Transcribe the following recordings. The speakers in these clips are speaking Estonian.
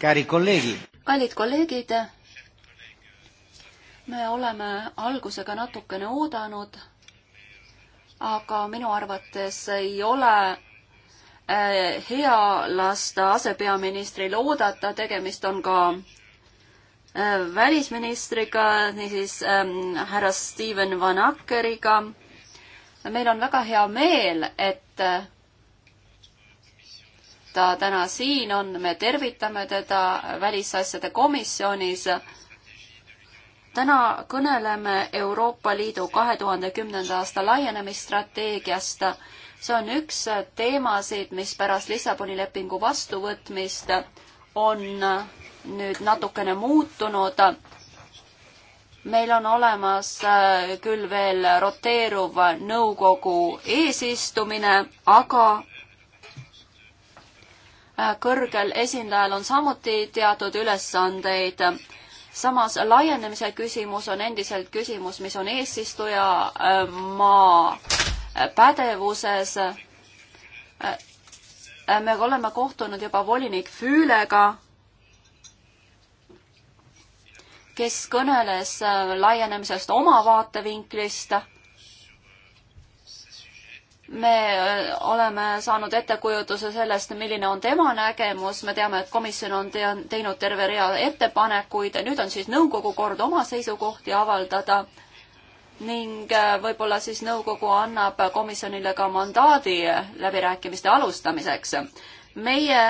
kallid kolleegid, me oleme algusega natukene oodanud, aga minu arvates ei ole eh, hea lasta asepeaministril oodata, tegemist on ka eh, välisministriga, niisiis ähm, härra Steven Van Akkeriga. meil on väga hea meel, et ta täna siin on, me tervitame teda välisasjade komisjonis. täna kõneleme Euroopa Liidu kahe tuhande kümnenda aasta laienemisstrateegiast. see on üks teemasid, mis pärast Lissaboni lepingu vastuvõtmist on nüüd natukene muutunud. meil on olemas äh, küll veel roteeruv nõukogu eesistumine, aga Äh, kõrgel esindajal on samuti teatud ülesandeid. samas laienemise küsimus on endiselt küsimus, mis on eesistuja äh, maa äh, pädevuses. me oleme kohtunud juba volinik Füülega, kes kõneles laienemisest oma vaatevinklist me äh, oleme saanud ettekujutuse sellest, milline on tema nägemus, me teame, et komisjon on te teinud terve rea ettepanekuid ja nüüd on siis nõukogu kord oma seisukohti avaldada ning äh, võib-olla siis nõukogu annab komisjonile ka mandaadi äh, läbirääkimiste alustamiseks. meie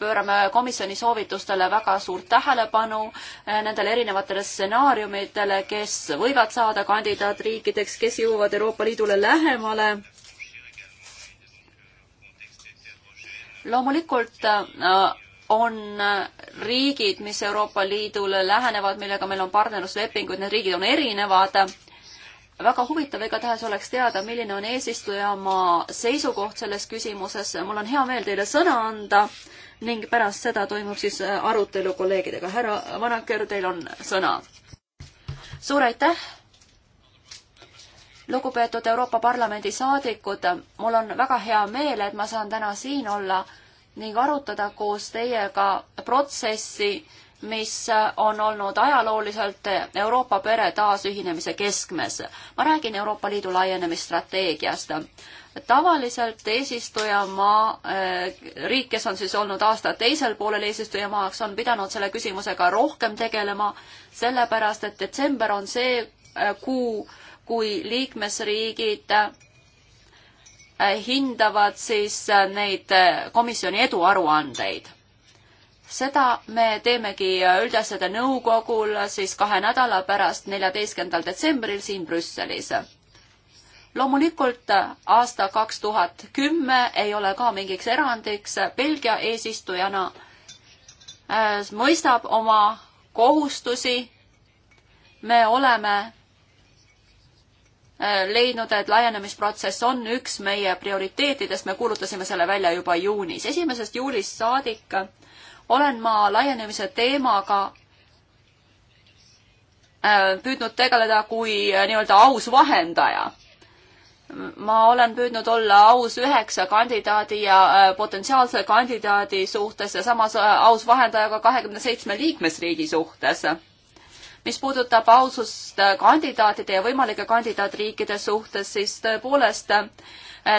pöörame komisjoni soovitustele väga suurt tähelepanu, nendele erinevatele stsenaariumitele, kes võivad saada kandidaatriikideks, kes jõuavad Euroopa Liidule lähemale loomulikult äh, on äh, riigid, mis Euroopa Liidule lähenevad, millega meil on partnerluslepingud, need riigid on erinevad. väga huvitav igatahes oleks teada, milline on eesistujamaa seisukoht selles küsimuses. mul on hea meel teile sõna anda ning pärast seda toimub siis äh, arutelu kolleegidega. härra Vanaker, teil on sõna. suur aitäh lugupeetud Euroopa Parlamendi saadikud, mul on väga hea meel, et ma saan täna siin olla ning arutada koos teiega protsessi, mis on olnud ajalooliselt Euroopa pere taasühinemise keskmes. ma räägin Euroopa Liidu laienemisstrateegiast. tavaliselt eesistujamaa, eh, riik, kes on siis olnud aasta teisel poolel eesistujamaaks, on pidanud selle küsimusega rohkem tegelema, sellepärast et detsember on see eh, kuu, kui liikmesriigid äh, hindavad siis äh, neid äh, komisjoni eduaruandeid. seda me teemegi üldasjade nõukogul siis kahe nädala pärast, neljateistkümnendal detsembril siin Brüsselis. loomulikult aasta kaks tuhat kümme ei ole ka mingiks erandiks, Belgia eesistujana mõistab oma kohustusi, me oleme leidnud, et laienemisprotsess on üks meie prioriteetidest, me kuulutasime selle välja juba juunis. esimesest juulist saadik olen ma laienemise teemaga äh, püüdnud tegeleda kui äh, nii-öelda aus vahendaja. ma olen püüdnud olla aus üheksa kandidaadi ja äh, potentsiaalse kandidaadi suhtes ja samas aus vahendaja ka kahekümne seitsme liikmesriigi suhtes mis puudutab ausust äh, kandidaatide ja võimalike kandidaatriikide suhtes, siis tõepoolest äh,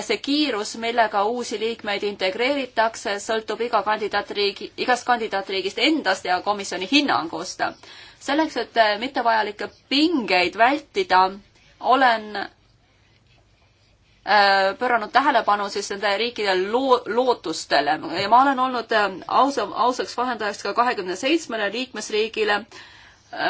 see kiirus, millega uusi liikmeid integreeritakse, sõltub iga kandidaatriigi, igast kandidaatriigist endast ja komisjoni hinnangust. selleks, et äh, mittevajalikke pingeid vältida, olen pööranud tähelepanu siis nende riikide loo-, lootustele ja ma olen olnud ausa, ausaks vahendajaks ka kahekümne seitsmele liikmesriigile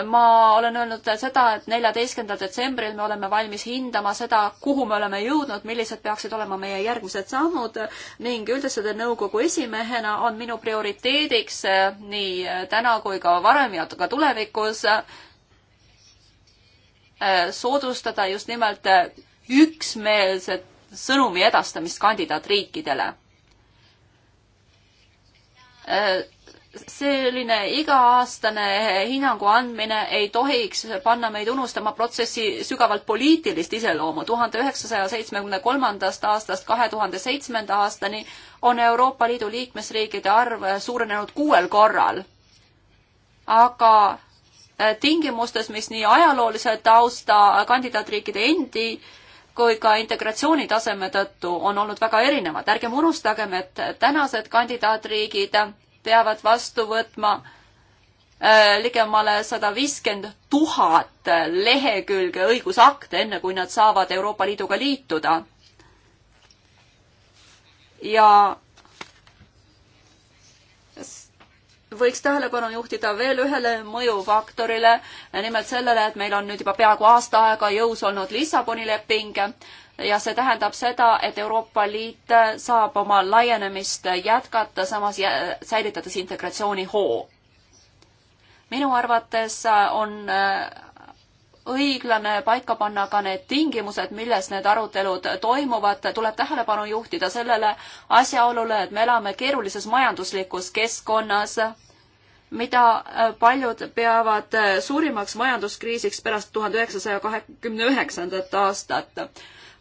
ma olen öelnud seda, et neljateistkümnendal detsembril me oleme valmis hindama seda, kuhu me oleme jõudnud, millised peaksid olema meie järgmised sammud ning üldasjade nõukogu esimehena on minu prioriteediks eh, nii täna kui ka varem ja ka tulevikus eh, soodustada just nimelt eh, üksmeelset sõnumi edastamist kandidaatriikidele selline iga-aastane hinnangu andmine ei tohiks panna meid unustama protsessi sügavalt poliitilist iseloomu. tuhande üheksasaja seitsmekümne kolmandast aastast kahe tuhande seitsmenda aastani on Euroopa Liidu liikmesriikide arv suurenenud kuuel korral. aga äh, tingimustes, mis nii ajaloolise tausta kandidaatriikide endi kui ka integratsiooni taseme tõttu on olnud väga erinevad. ärgem unustagem, et tänased kandidaatriigid peavad vastu võtma äh, ligemale sada viiskümmend tuhat lehekülge õigusakte, enne kui nad saavad Euroopa Liiduga liituda. ja võiks tähelepanu juhtida veel ühele mõjufaktorile, nimelt sellele, et meil on nüüd juba peaaegu aasta aega jõus olnud Lissaboni leping ja see tähendab seda, et Euroopa Liit saab oma laienemist jätkata, samas jä säilitades integratsiooni hoo. minu arvates on äh, õiglane paika panna ka need tingimused, milles need arutelud toimuvad, tuleb tähelepanu juhtida sellele asjaolule, et me elame keerulises majanduslikus keskkonnas, mida äh, paljud peavad äh, suurimaks majanduskriisiks pärast tuhande üheksasaja kahekümne üheksandat aastat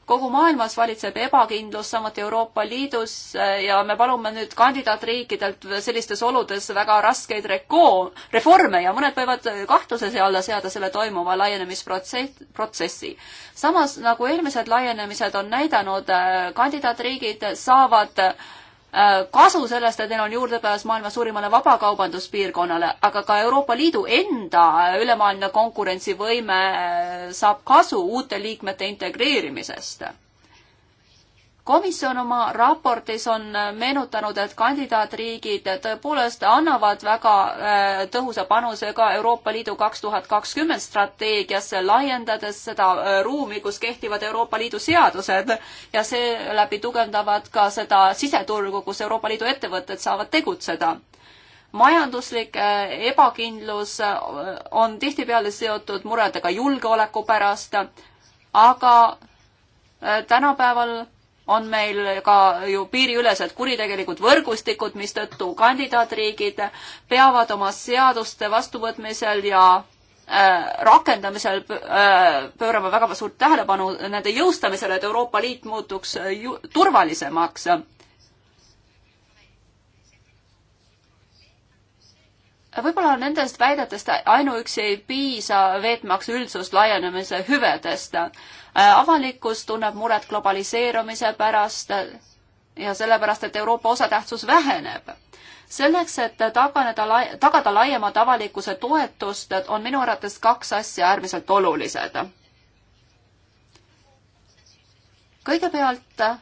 kogu maailmas valitseb ebakindlus, samuti Euroopa Liidus äh, ja me palume nüüd kandidaatriikidelt sellistes oludes väga raskeid reko-, reforme ja mõned võivad kahtluse alla seada selle toimuva laienemisprotsess, protsessi. samas nagu eelmised laienemised on näidanud, äh, kandidaatriigid saavad Äh, kasu sellest, et neil on juurdepääs maailma suurimale vabakaubanduspiirkonnale, aga ka Euroopa Liidu enda ülemaailmne konkurentsivõime äh, saab kasu uute liikmete integreerimisest komisjon oma raportis on äh, meenutanud, et kandidaatriigid tõepoolest annavad väga äh, tõhusa panuse ka Euroopa Liidu kaks tuhat kakskümmend strateegiasse, laiendades seda äh, ruumi, kus kehtivad Euroopa Liidu seadused ja seeläbi tugevdavad ka seda siseturgu, kus Euroopa Liidu ettevõtted saavad tegutseda majanduslik ebakindlus on tihtipeale seotud muredega julgeoleku pärast, aga tänapäeval on meil ka ju piiriülesed kuritegelikud võrgustikud, mistõttu kandidaatriigid peavad oma seaduste vastuvõtmisel ja äh, rakendamisel äh, pöörama väga suurt tähelepanu nende jõustamisele, et Euroopa Liit muutuks ju turvalisemaks. võib-olla nendest väidetest ainuüksi ei piisa veetmaks üldsust laienemise hüvedest. Äh, avalikkus tunneb muret globaliseerumise pärast ja sellepärast, et Euroopa osatähtsus väheneb. selleks, et taganeda, tagada laiemat avalikkuse toetust, on minu arvates kaks asja äärmiselt olulised. kõigepealt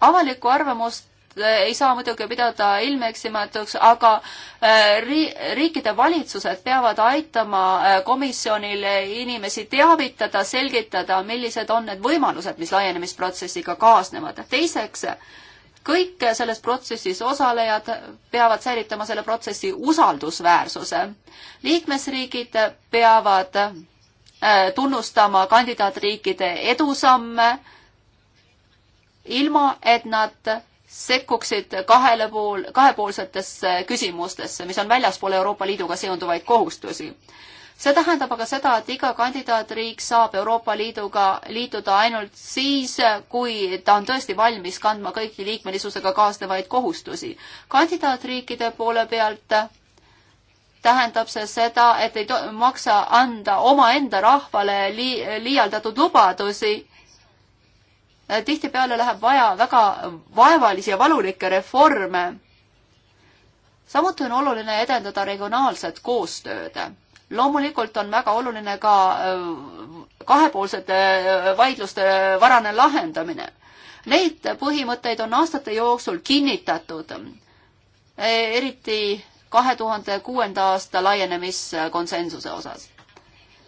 avalikku arvamust Äh, ei saa muidugi pidada ilmeksimatuks, aga äh, ri-, riikide valitsused peavad aitama äh, komisjonil inimesi teavitada, selgitada, millised on need võimalused, mis laienemisprotsessiga kaasnevad. teiseks, kõik selles protsessis osalejad peavad säilitama selle protsessi usaldusväärsuse. liikmesriigid peavad tunnustama kandidaatriikide edusamme, ilma et nad sekkuksid kahele pool, kahepoolsetesse küsimustesse, mis on väljaspool Euroopa Liiduga seonduvaid kohustusi. see tähendab aga seda, et iga kandidaatriik saab Euroopa Liiduga liituda ainult siis, kui ta on tõesti valmis kandma kõiki liikmelisusega kaasnevaid kohustusi. kandidaatriikide poole pealt tähendab see seda, et ei maksa anda omaenda rahvale li liialdatud lubadusi Äh, tihtipeale läheb vaja väga vaevalisi ja valulikke reforme. samuti on oluline edendada regionaalset koostööd. loomulikult on väga oluline ka äh, kahepoolsete äh, vaidluste varane lahendamine. Neid põhimõtteid on aastate jooksul kinnitatud, eriti kahe tuhande kuuenda aasta laienemiskonsensuse osas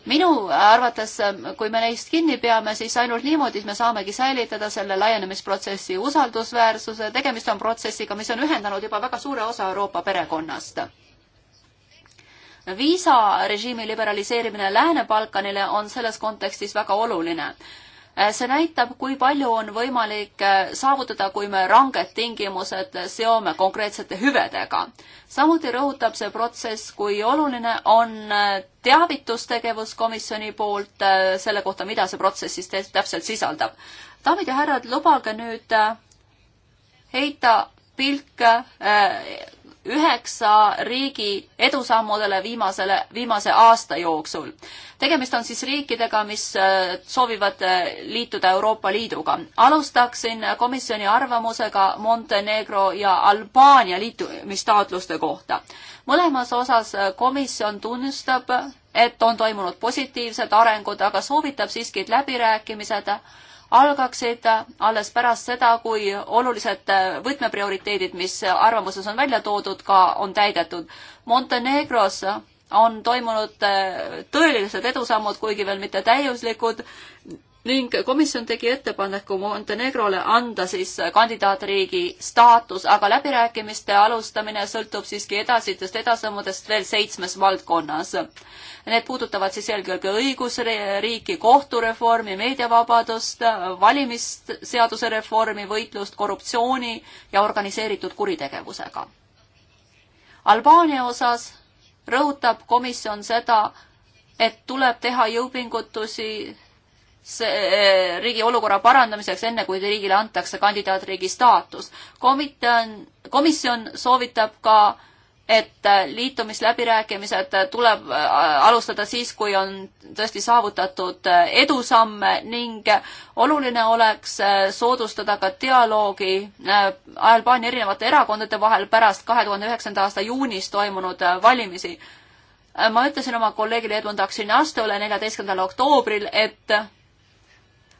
minu arvates, kui me neist kinni peame, siis ainult niimoodi me saamegi säilitada selle laienemisprotsessi usaldusväärsuse, tegemist on protsessiga, mis on ühendanud juba väga suure osa Euroopa perekonnast. viisarežiimi liberaliseerimine Lääne-Balkanile on selles kontekstis väga oluline Äh, see näitab, kui palju on võimalik äh, saavutada, kui me ranged tingimused seome konkreetsete hüvedega. samuti rõhutab see protsess, kui oluline on äh, teavitustegevus komisjoni poolt selle kohta, mida see protsess siis täpselt sisaldab. daamid ja härrad, lubage nüüd heita pilk üheksa riigi edusammudele viimasele, viimase aasta jooksul. tegemist on siis riikidega, mis äh, soovivad äh, liituda Euroopa Liiduga. alustaksin komisjoni arvamusega Montenegro ja Albaania liitumistaotluste kohta. mõlemas osas äh, komisjon tunnistab, et on toimunud positiivsed arengud, aga soovitab siiski, et läbirääkimised algaksid alles pärast seda, kui olulised võtmeprioriteedid, mis arvamuses on välja toodud, ka on täidetud. Montenegros on toimunud tõelised edusammud, kuigi veel mitte täiuslikud ning komisjon tegi ettepaneku Montenegrole anda siis kandidaatriigi staatus, aga läbirääkimiste alustamine sõltub siiski edasitest edasammudest veel seitsmes valdkonnas. Need puudutavad siis eelkõige õigusriiki, kohtureformi, meediavabadust, valimisseaduse reformi, võitlust korruptsiooni ja organiseeritud kuritegevusega. Albaania osas rõhutab komisjon seda, et tuleb teha jõupingutusi see eh, riigi olukorra parandamiseks, enne kui riigile antakse kandidaatriigi staatus. komitan, komisjon soovitab ka, et liitumisläbirääkimised tuleb eh, alustada siis, kui on tõesti saavutatud eh, edusamme ning oluline oleks soodustada ka dialoogi Albaania erinevate erakondade vahel pärast kahe tuhande üheksanda aasta juunis toimunud valimisi. ma ütlesin oma kolleegile Edmund Aksinastole neljateistkümnendal oktoobril, et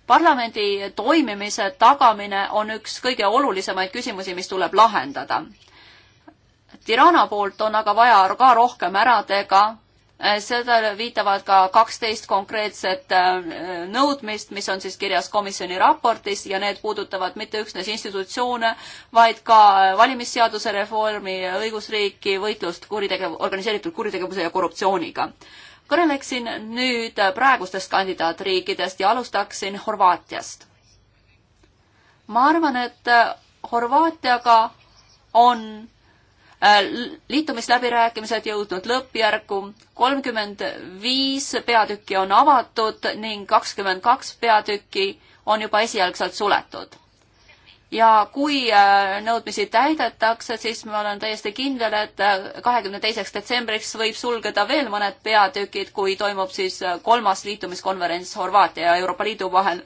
parlamendi toimimise tagamine on üks kõige olulisemaid küsimusi, mis tuleb lahendada. Tirana poolt on aga vaja ka rohkem ära teha, seda viitavad ka kaksteist konkreetset äh, nõudmist, mis on siis kirjas komisjoni raportis ja need puudutavad mitte üksnes institutsioone, vaid ka äh, valimisseaduse reformi, õigusriiki, võitlust kuritegev-, organiseeritud kuritegevuse ja korruptsiooniga kõneleksin nüüd praegustest kandidaatriikidest ja alustaksin Horvaatiast. ma arvan, et Horvaatiaga on äh, liitumisläbirääkimised jõudnud lõppjärgu, kolmkümmend viis peatükki on avatud ning kakskümmend kaks peatükki on juba esialgselt suletud ja kui äh, nõudmisi täidetakse, siis ma olen täiesti kindel, et äh, kahekümne teiseks detsembriks võib sulgeda veel mõned peatükid, kui toimub siis äh, kolmas liitumiskonverents Horvaatia ja Euroopa Liidu vahel.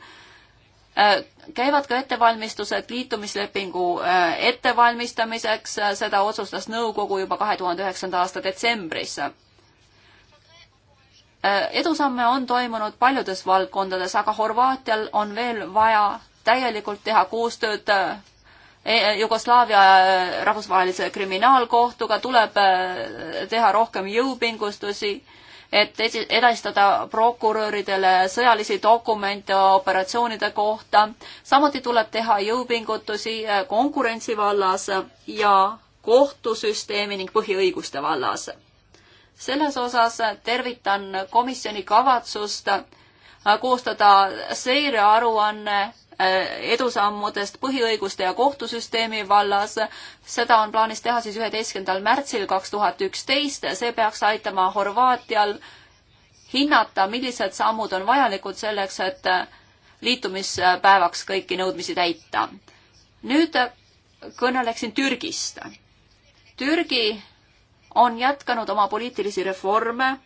käivad ka ettevalmistused liitumislepingu ettevalmistamiseks, seda otsustas nõukogu juba kahe tuhande üheksanda aasta detsembris edusamme on toimunud paljudes valdkondades, aga Horvaatial on veel vaja täielikult teha koostööd eh, eh, Jugoslaavia eh, rahvusvahelise kriminaalkohtuga, tuleb teha rohkem jõupingustusi, et edastada prokuröridele sõjalisi dokumente operatsioonide kohta. samuti tuleb teha jõupingutusi konkurentsi vallas ja kohtusüsteemi ning põhiõiguste vallas. selles osas tervitan komisjoni kavatsust koostada seirearuanne Äh, edusammudest põhiõiguste ja kohtusüsteemi vallas. seda on plaanis teha siis üheteistkümnendal märtsil kaks tuhat üksteist, see peaks aitama Horvaatial hinnata, millised sammud on vajalikud selleks, et äh, liitumispäevaks kõiki nõudmisi täita. nüüd kõneleksin Türgist. Türgi on jätkanud oma poliitilisi reforme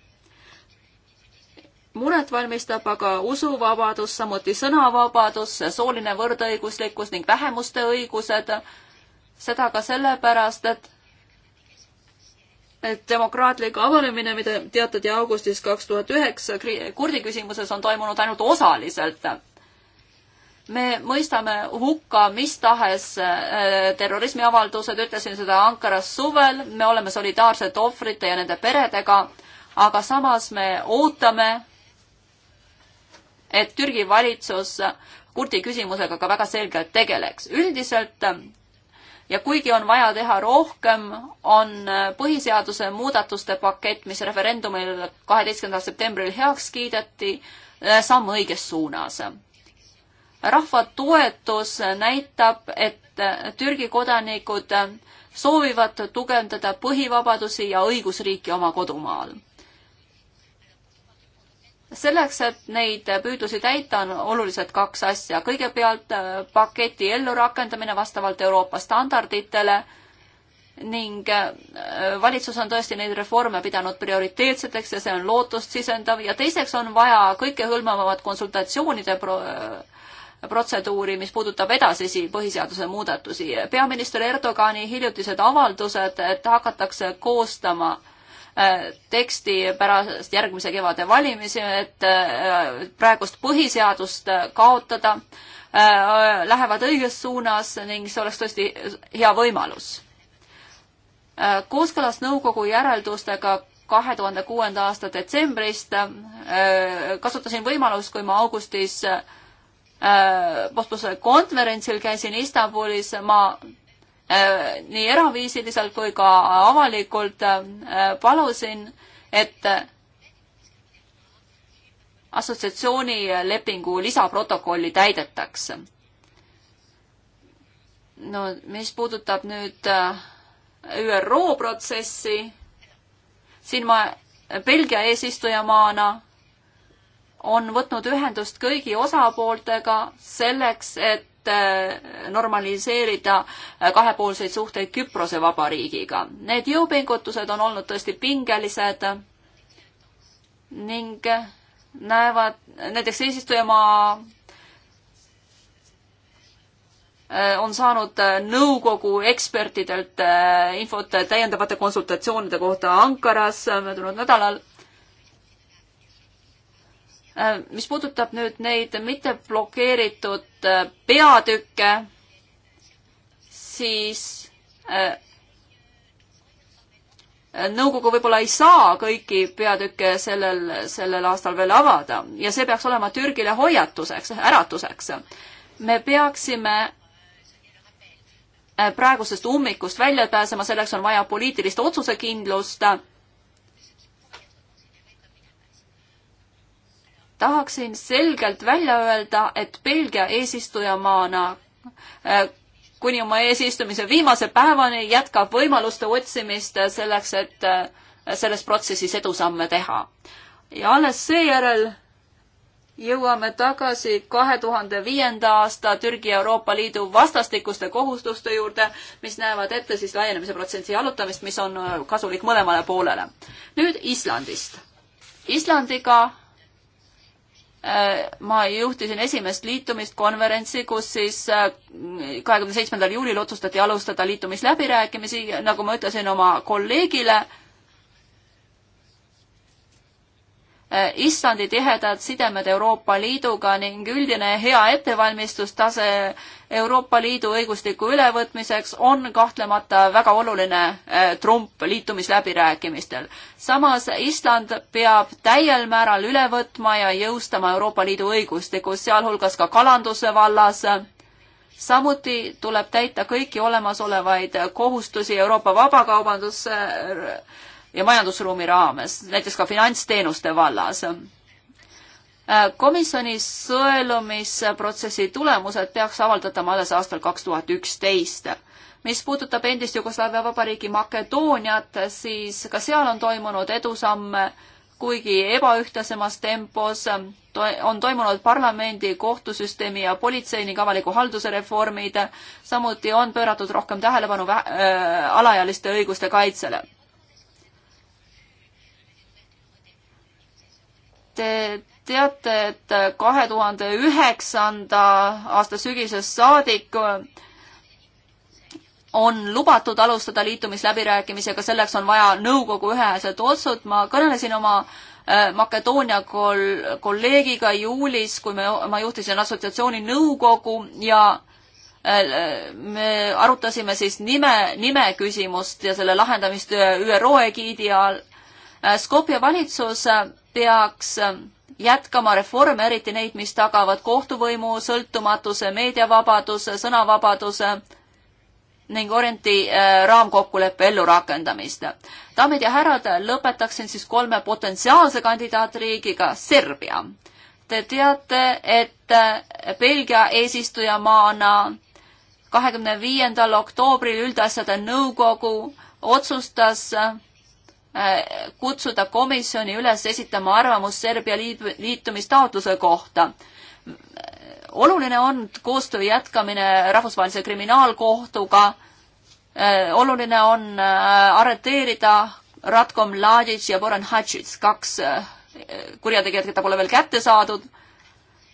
muret valmistab aga usuvabadus, samuti sõnavabadus, sooline võrdõiguslikkus ning vähemuste õigused. seda ka sellepärast, et et demokraatlik avanemine, mida teatati augustis kaks tuhat üheksa kurdi küsimuses, on toimunud ainult osaliselt. me mõistame hukka mis tahes äh, terrorismiavaldused, ütlesin seda Ankaras suvel, me oleme solidaarsed ohvrite ja nende peredega, aga samas me ootame et Türgi valitsus kurdi küsimusega ka väga selgelt tegeleks. üldiselt ja kuigi on vaja teha rohkem, on põhiseaduse muudatuste pakett, mis referendumil kaheteistkümnendal septembril heaks kiideti, samm õiges suunas. rahva toetus näitab, et Türgi kodanikud soovivad tugevdada põhivabadusi ja õigusriiki oma kodumaal selleks, et neid püüdlusi täita, on olulised kaks asja. kõigepealt äh, paketi ellurakendamine vastavalt Euroopa standarditele ning äh, valitsus on tõesti neid reforme pidanud prioriteetseteks ja see on lootust sisendav ja teiseks on vaja kõikehõlmavamat konsultatsioonide pro äh, protseduuri, mis puudutab edasisi põhiseaduse muudatusi. peaminister Erdogani hiljutised avaldused, et hakatakse koostama äh, Äh, teksti pärast järgmise kevade valimisi, et äh, praegust põhiseadust äh, kaotada, lähevad õiges suunas ning see oleks tõesti hea võimalus. kooskõlas nõukogu järeldustega kahe tuhande kuuenda aasta detsembrist kasutasin võimalust, kui ma augustis Postbuse konverentsil käisin Istanbulis, ma Äh, nii eraviisiliselt kui ka avalikult äh, palusin, et assotsiatsiooni lepingu lisaprotokolli täidetakse. no mis puudutab nüüd äh, ÜRO protsessi, siin ma Belgia eesistujamaana on võtnud ühendust kõigi osapooltega selleks, et Eh, normaliseerida eh, kahepoolseid suhteid Küprose vabariigiga. Need jõupingutused on olnud tõesti pingelised ning näevad näiteks eesistujamaa eh, on saanud nõukogu ekspertidelt infot täiendavate konsultatsioonide kohta Ankaras möödunud nädalal Äh, mis puudutab nüüd neid mitte blokeeritud äh, peatükke, siis äh, nõukogu võib-olla ei saa kõiki peatükke sellel, sellel aastal veel avada ja see peaks olema Türgile hoiatuseks, äratuseks. me peaksime praegusest ummikust välja pääsema, selleks on vaja poliitilist otsusekindlust tahaksin selgelt välja öelda, et Belgia eesistujamaana äh, kuni oma eesistumise viimase päevani jätkab võimaluste otsimist selleks, et äh, selles protsessis edusamme teha. ja alles seejärel jõuame tagasi kahe tuhande viienda aasta Türgi Euroopa Liidu vastastikuste kohustuste juurde, mis näevad ette siis laienemise protsessi alutamist, mis on kasulik mõlemale poolele. nüüd Islandist. Islandiga Äh, ma juhtisin esimest liitumist konverentsi, kus siis äh, kahekümne seitsmendal juulil otsustati alustada liitumisläbirääkimisi, nagu ma ütlesin oma kolleegile Eh, Islandi tihedad sidemed Euroopa Liiduga ning üldine hea ettevalmistustase Euroopa Liidu õigusliku ülevõtmiseks on kahtlemata väga oluline eh, trump liitumisläbirääkimistel. samas Island peab täiel määral üle võtma ja jõustama Euroopa Liidu õigustikku, sealhulgas ka kalanduse vallas samuti tuleb täita kõiki olemasolevaid kohustusi Euroopa vabakaubandus ja majandusruumi raames, näiteks ka finantsteenuste vallas. Äh, komisjoni sõelumisprotsessi tulemused peaks avaldatama alles aastal kaks tuhat üksteist mis puudutab endist Jugoslaavia vabariigi Makedooniat, siis ka seal on toimunud edusamme, kuigi ebaühtlasemas tempos to on toimunud parlamendi, kohtusüsteemi ja politsei ning avaliku halduse reformid. samuti on pööratud rohkem tähelepanu äh, alaealiste õiguste kaitsele. Te teate, et kahe tuhande üheksanda aasta sügisest saadik on lubatud alustada liitumisläbirääkimisega, selleks on vaja nõukogu ühehäälset otsust, ma kõnelesin oma äh, Makedoonia kol-, kolleegiga juulis, kui me, ma juhtisin assotsiatsiooni nõukogu ja äh, me arutasime siis nime, nime küsimust ja selle lahendamist äh, ÜRO egiidi all Äh, Skopje valitsus äh, peaks äh, jätkama reforme, eriti neid, mis tagavad kohtuvõimu sõltumatuse, meediavabaduse, sõnavabaduse ning Orienti raamkokkuleppe ellurakendamist. daamid ja härrad, lõpetaksin siis kolme potentsiaalse kandidaatriigiga, Serbia. Te teate, et Belgia eesistujamaana kahekümne viiendal oktoobril üldasjade nõukogu otsustas kutsuda komisjoni üles esitama arvamust Serbia liitumistaotluse kohta. oluline on koostöö jätkamine Rahvusvahelise Kriminaalkohtuga, oluline on äh, arreteerida Ratko Mladic ja Boran Hadžic, kaks äh, kurjategijat, keda pole veel kätte saadud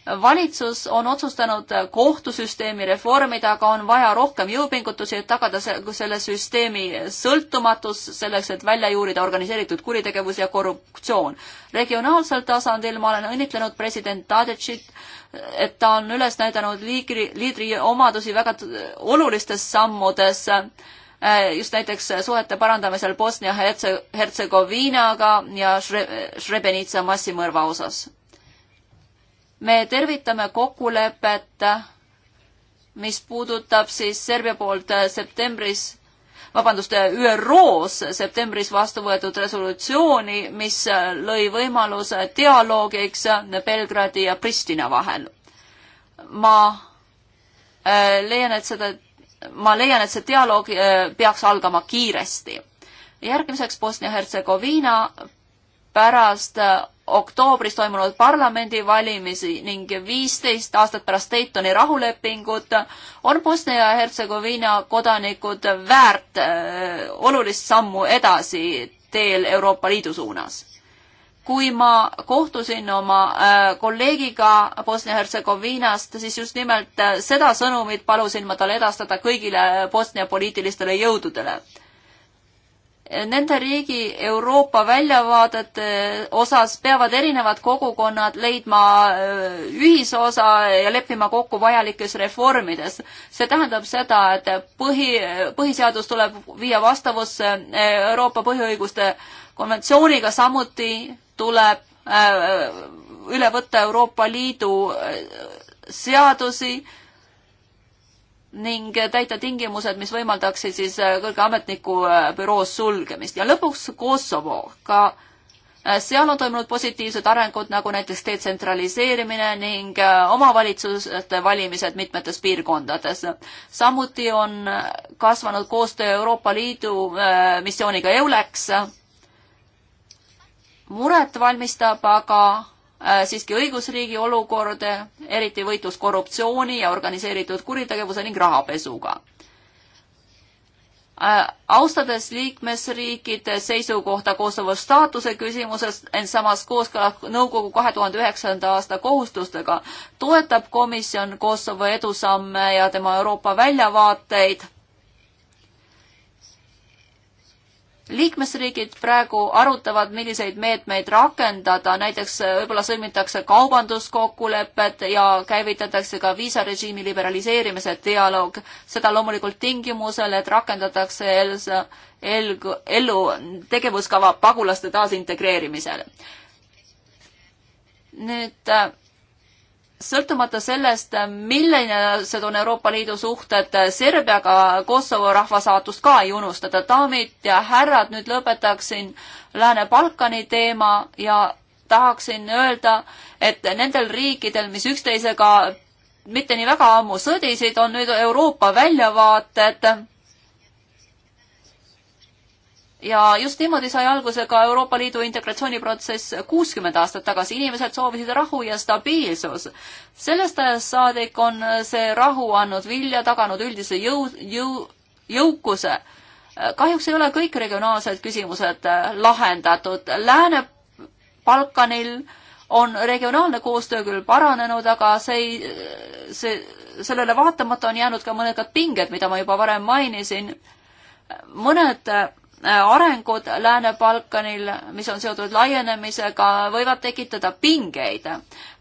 valitsus on otsustanud kohtusüsteemi reformida, aga on vaja rohkem jõupingutusi, et tagada selle süsteemi sõltumatus selleks, et välja juurida organiseeritud kuritegevus ja korruptsioon. regionaalsel tasandil ma olen õnnitlenud president Tadetšit, et ta on üles näidanud liigri, liidri omadusi väga olulistes sammudes eh, just näiteks suhete parandamisel Bosnia-Hertsegoviinaga ja Srebrenica massimõrva osas me tervitame kokkulepet, mis puudutab siis Serbia poolt septembris vabandust, ÜRO-s septembris vastu võetud resolutsiooni, mis lõi võimaluse dialoogiks Belgradi ja Pristina vahel. ma äh, leian, et seda, ma leian, et see dialoog äh, peaks algama kiiresti. järgmiseks Bosnia-Hertsegoviina pärast oktoobris toimunud parlamendivalimisi ning viisteist aastat pärast Daytoni rahulepingut on Bosnia ja Hertsegoviina kodanikud väärt äh, olulist sammu edasi teel Euroopa Liidu suunas. kui ma kohtusin oma äh, kolleegiga Bosnia-Hertsegoviinast, siis just nimelt äh, seda sõnumit palusin ma talle edastada kõigile Bosnia poliitilistele jõududele nende riigi Euroopa väljavaadete osas peavad erinevad kogukonnad leidma äh, ühisosa ja leppima kokku vajalikes reformides. see tähendab seda, et põhi, põhiseadus tuleb viia vastavusse äh, Euroopa põhiõiguste konventsiooniga, samuti tuleb äh, üle võtta Euroopa Liidu seadusi ning täita tingimused, mis võimaldaksid siis äh, kõrge ametniku äh, büroos sulgemist ja lõpuks Kosovo ka äh, seal on toimunud positiivsed arengud, nagu näiteks detsentraliseerimine ning omavalitsuste valimised mitmetes piirkondades. samuti on kasvanud koostöö Euroopa Liidu missiooniga EULEX. muret valmistab aga Äh, siiski õigusriigi olukord, eriti võitlus korruptsiooni ja organiseeritud kuritegevuse ning rahapesuga. Äh, austades liikmesriikide seisukohta Kosovo staatuse küsimuses, ent samas kooskõlas nõukogu kahe tuhande üheksanda aasta kohustustega, toetab komisjon Kosovo edusamme ja tema Euroopa väljavaateid liikmesriigid praegu arutavad, milliseid meetmeid rakendada, näiteks äh, võib-olla sõlmitakse kaubanduskokkulepped ja käivitatakse ka viisarežiimi liberaliseerimise dialoog. seda loomulikult tingimusel, et rakendatakse ellu, ellu tegevuskava pagulaste taasintegreerimisel. nüüd äh, sõltumata sellest, millised on Euroopa Liidu suhted Serbiaga, Kosovo rahva saatust ka ei unustada. daamid ja härrad, nüüd lõpetaksin Lääne-Balkani teema ja tahaksin öelda, et nendel riikidel, mis üksteisega mitte nii väga ammu sõdisid, on nüüd Euroopa väljavaated ja just niimoodi sai alguse ka Euroopa Liidu integratsiooniprotsess kuuskümmend aastat tagasi. inimesed soovisid rahu ja stabiilsus. sellest ajast saadik on see rahu andnud vilja, taganud üldise jõu, jõu, jõukuse. kahjuks ei ole kõik regionaalsed küsimused äh, lahendatud. Lääne-Balkanil on regionaalne koostöö küll paranenud, aga see ei, äh, see, sellele vaatamata on jäänud ka mõned pinged, mida ma juba varem mainisin. mõned äh, Äh, arengud Lääne-Balkanil, mis on seotud laienemisega, võivad tekitada pingeid,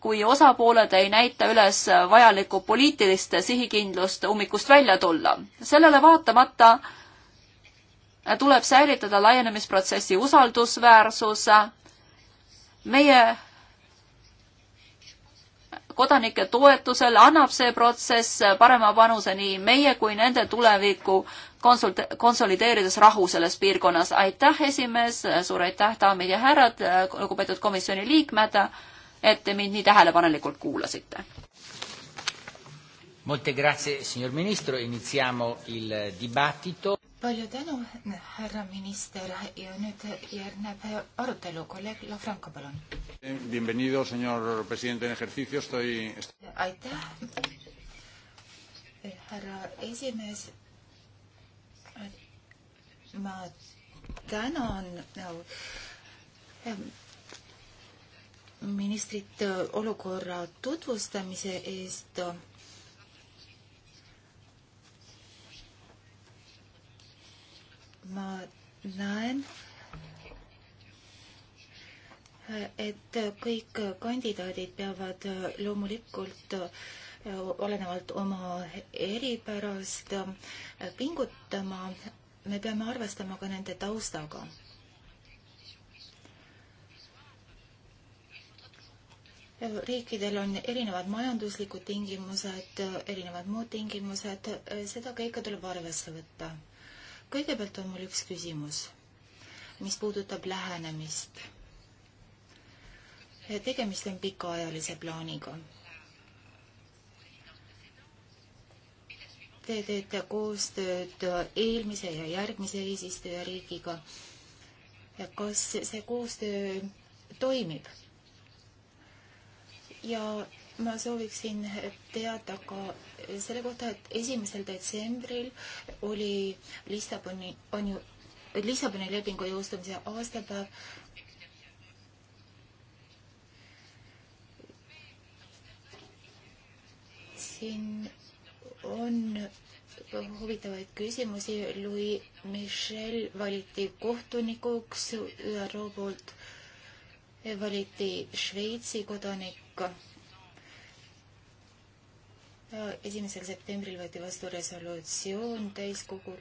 kui osapooled ei näita üles vajalikku poliitilist sihikindlust ummikust välja tulla. sellele vaatamata tuleb säilitada laienemisprotsessi usaldusväärsus. meie kodanike toetusel annab see protsess parema panuse nii meie kui nende tuleviku konsult-, konsolideerides rahu selles piirkonnas. aitäh, esimees, suur aitäh, daamid ja härrad, lugupeetud komisjoni liikmed, et te mind nii tähelepanelikult kuulasite. Molte grazie, signor ministro, iniziamo il dibattito. palju tänu, härra minister ja nüüd järgneb arutelu, kolleeg Lafranco, palun. Bienvenido, señor presidente en ejercicio, estoy aitäh, härra esimees ma tänan äh, ministrit äh, olukorra tutvustamise eest. ma näen, äh, et kõik kandidaadid peavad loomulikult olenevalt oma eripärast pingutama, me peame arvestama ka nende taustaga. riikidel on erinevad majanduslikud tingimused, erinevad muud tingimused, seda kõike tuleb arvesse võtta. kõigepealt on mul üks küsimus, mis puudutab lähenemist. tegemist on pikaajalise plaaniga te teete koostööd eelmise ja järgmise eesistujariigiga. kas see koostöö toimib? ja ma sooviksin teada ka selle kohta, et esimesel detsembril oli Lissaboni, on ju, Lissaboni lepingu jõustumise aastapäev. siin on huvitavaid küsimusi. Louis Michel valiti kohtunikuks ÜRO poolt, valiti Šveitsi kodanik. esimesel septembril võeti vastu resolutsioon täiskogul.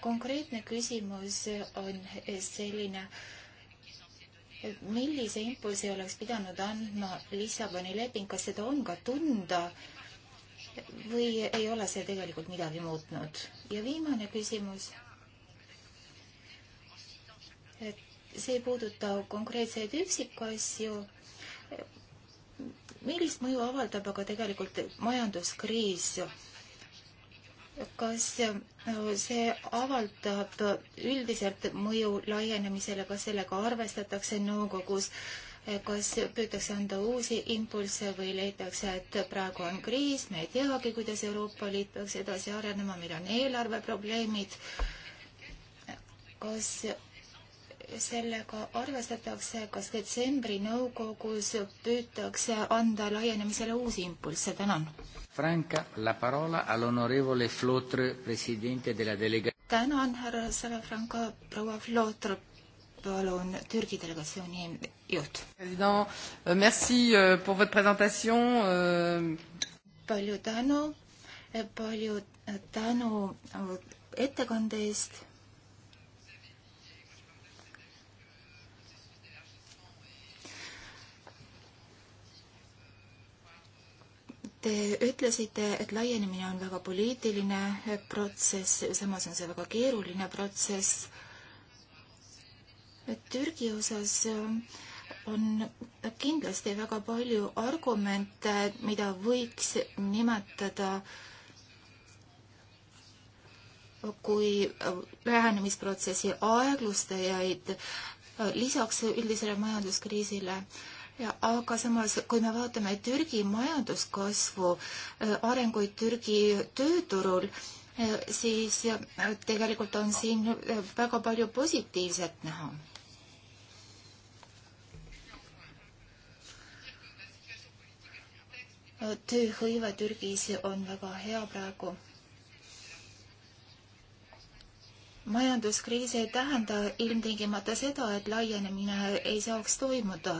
konkreetne küsimus on selline millise impulsi oleks pidanud andma Lissaboni leping, kas seda on ka tunda või ei ole see tegelikult midagi muutnud? ja viimane küsimus. et see ei puuduta konkreetseid üksikasju. millist mõju avaldab aga tegelikult majanduskriis? kas Äh, see avaldab üldiselt mõju laienemisele, kas sellega arvestatakse nõukogus, äh, kas püütakse anda uusi impulsse või leitakse, et praegu on kriis, me ei teagi, kuidas Euroopa Liit peaks edasi arenema, meil on eelarveprobleemid. kas sellega arvestatakse, kas detsembri nõukogus püütakse anda laienemisele uusi impulsse, tänan. Franca, la parola all'onorevole Flotre, presidente della delega-. tänan, härra Salafranca, proua Flotre, palun, Türgi delegatsiooni juht. president, euh, merci euh, pour votre presentation. Euh. palju tänu, palju tänu ettekande eest Te ütlesite, et laienemine on väga poliitiline protsess, samas on see väga keeruline protsess. Türgi osas on kindlasti väga palju argumente, mida võiks nimetada kui lähenemisprotsessi aeglustajaid lisaks üldisele majanduskriisile ja aga samas, kui me vaatame Türgi majanduskasvu, äh, arenguid Türgi tööturul, äh, siis äh, tegelikult on siin väga palju positiivset näha tööhõive Türgis on väga hea praegu. majanduskriis ei tähenda ilmtingimata seda, et laienemine ei saaks toimuda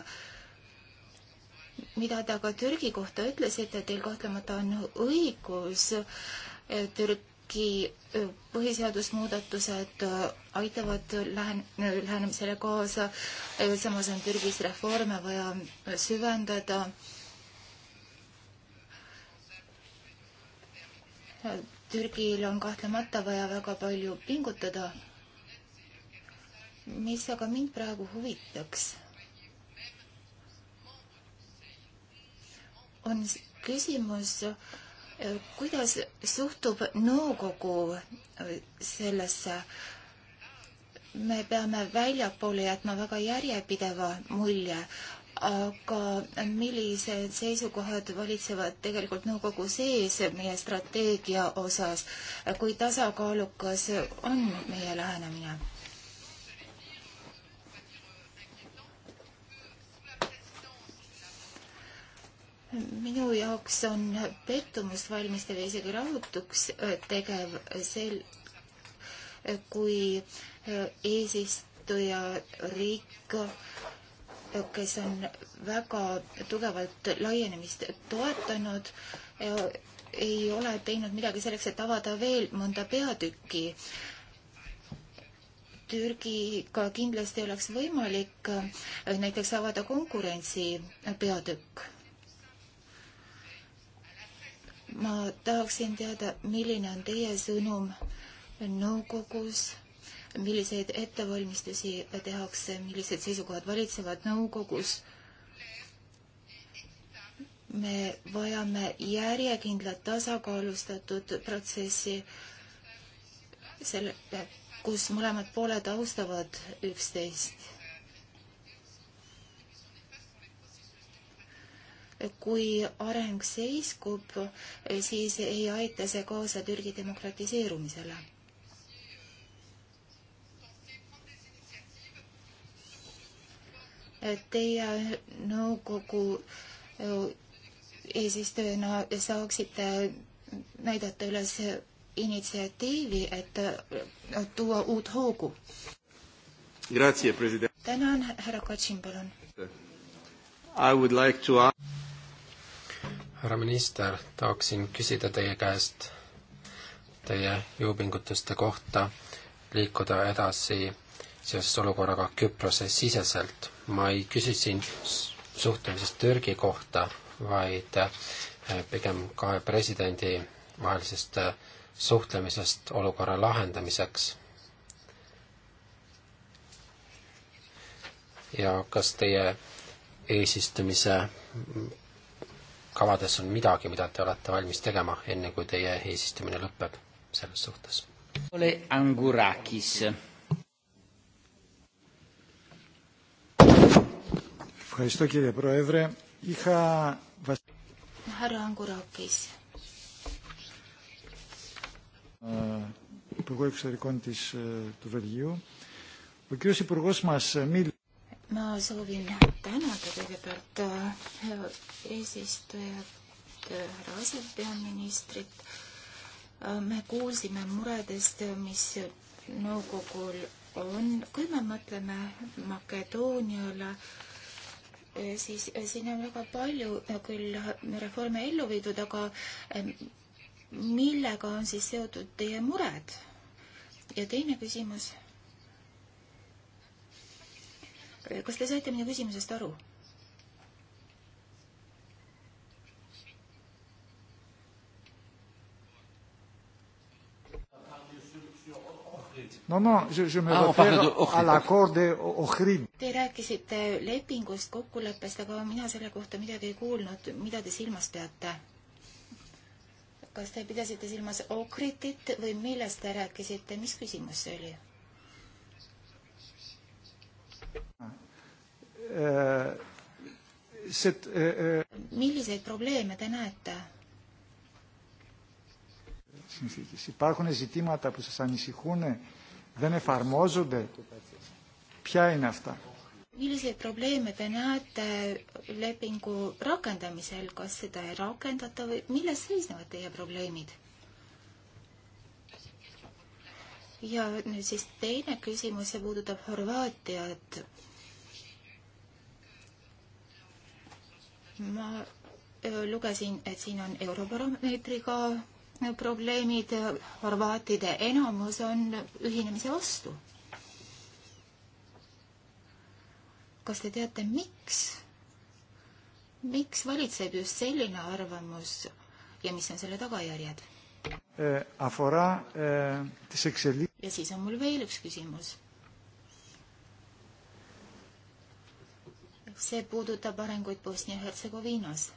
mida te aga Türgi kohta ütlesite, teil kahtlemata on õigus. Türgi äh, põhiseadusmuudatused äh, aitavad lähen-, äh, lähenemisele kaasa, samas on Türgis reforme vaja süvendada. Türgil on kahtlemata vaja väga palju pingutada. mis aga mind praegu huvitaks on küsimus, kuidas suhtub nõukogu sellesse me peame väljapoole jätma väga järjepideva mulje, aga millised seisukohad valitsevad tegelikult nõukogu sees meie strateegia osas, kui tasakaalukas on meie lähenemine? minu jaoks on pettumust valmistav ja isegi rahutuks äh, tegev sel, äh, kui äh, eesistuja riik, kes on väga tugevalt laienemist toetanud, ei ole teinud midagi selleks, et avada veel mõnda peatükki. Türgiga kindlasti oleks võimalik näiteks avada konkurentsi peatükk ma tahaksin teada, milline on teie sõnum nõukogus, milliseid ettevalmistusi tehakse, millised seisukohad valitsevad nõukogus. me vajame järjekindlat tasakaalustatud protsessi, selle, kus mõlemad pooled austavad üksteist kui areng seiskub, eh, siis ei aita see kaasa Türgi demokratiseerumisele. Teie nõukogu eh, eesistujana saaksite näidata üles initsiatiivi, et eh, tuua uut hoogu. tänan, härra Katšin, palun. I would like to härra minister, tahaksin küsida teie käest teie jõupingutuste kohta liikuda edasi seoses olukorraga Küprose siseselt. ma ei küsi siin suhtumisest Türgi kohta, vaid eh, pigem kahe presidendi vahelisest eh, suhtlemisest olukorra lahendamiseks. ja kas teie eesistumise kavades on midagi, mida te olete valmis tegema, enne kui teie eesistumine lõpeb selles suhtes? Ole Angurakis. härra Angurakis. Υπουργό Εξωτερικών της, του Βελγίου. Ο κύριος Υπουργός μας μίλησε ma soovin tänada kõigepealt äh, eesistujat, äh, härra asepeaministrit. Äh, me kuulsime muredest, mis nõukogul on, kui me mõtleme Makedooniale, siis siin on väga palju küll reforme ellu viidud, aga ähm, millega on siis seotud teie mured? ja teine küsimus kas te saite minu küsimusest aru? No, no, je, je me ah, refer à l'accord de Ohrid. Te rääkisite lepingust, kokkuleppest, aga mina selle kohta midagi ei kuulnud. mida te silmas peate? kas te pidasite silmas Ohridit või millest te rääkisite, mis küsimus see oli? Äh, Set, äh, äh, milliseid probleeme te näete? Συνθήκης. Υπάρχουν ζητήματα που σας ανησυχούν, δεν εφαρμόζονται. Ποια είναι αυτά? milliseid probleeme te näete lepingu rakendamisel, kas seda ei rakendata või milles seisnevad teie probleemid? ja nüüd siis teine küsimus, see puudutab Horvaatiat ma e, lugesin, et siin on Eurobaromeetriga e, probleemid, horvaatide enamus on ühinemise vastu. kas te teate, miks? miks valitseb just selline arvamus ja mis on selle tagajärjed? E, ja siis on mul veel üks küsimus see puudutab arenguid Bosnia-Hertsegoviinas.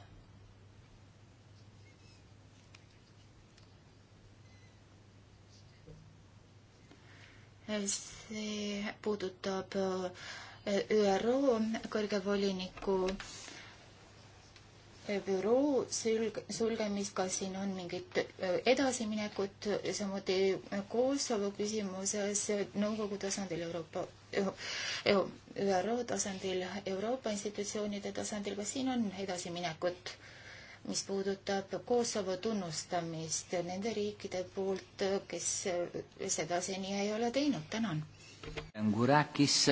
see puudutab eh, ÜRO kõrgevoliniku eh, büroo sülg-, sulgemist, kas siin on mingit eh, edasiminekut, samuti Kosovo küsimuses nõukogu tasandil Euroopa ÜRO tasandil, Euroopa institutsioonide tasandil, ka siin on edasiminekut, mis puudutab Kosovo tunnustamist nende riikide poolt, kes seda seni ei ole teinud. tänan. Angurakis,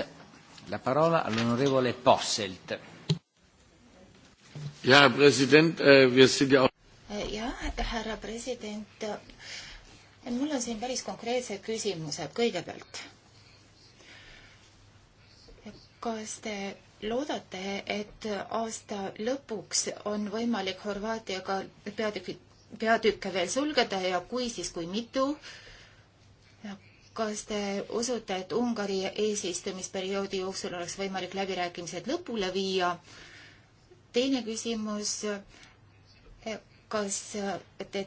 la parola all'onorevole Posselt. ja president äh,, wir sind ja jah, härra president, mul on siin päris konkreetsed küsimused kõigepealt kas te loodate, et aasta lõpuks on võimalik Horvaatiaga peatükki, peatükke veel sulgeda ja kui, siis kui mitu? kas te usute, et Ungari eesistumisperioodi jooksul oleks võimalik läbirääkimised lõpule viia? teine küsimus, kas te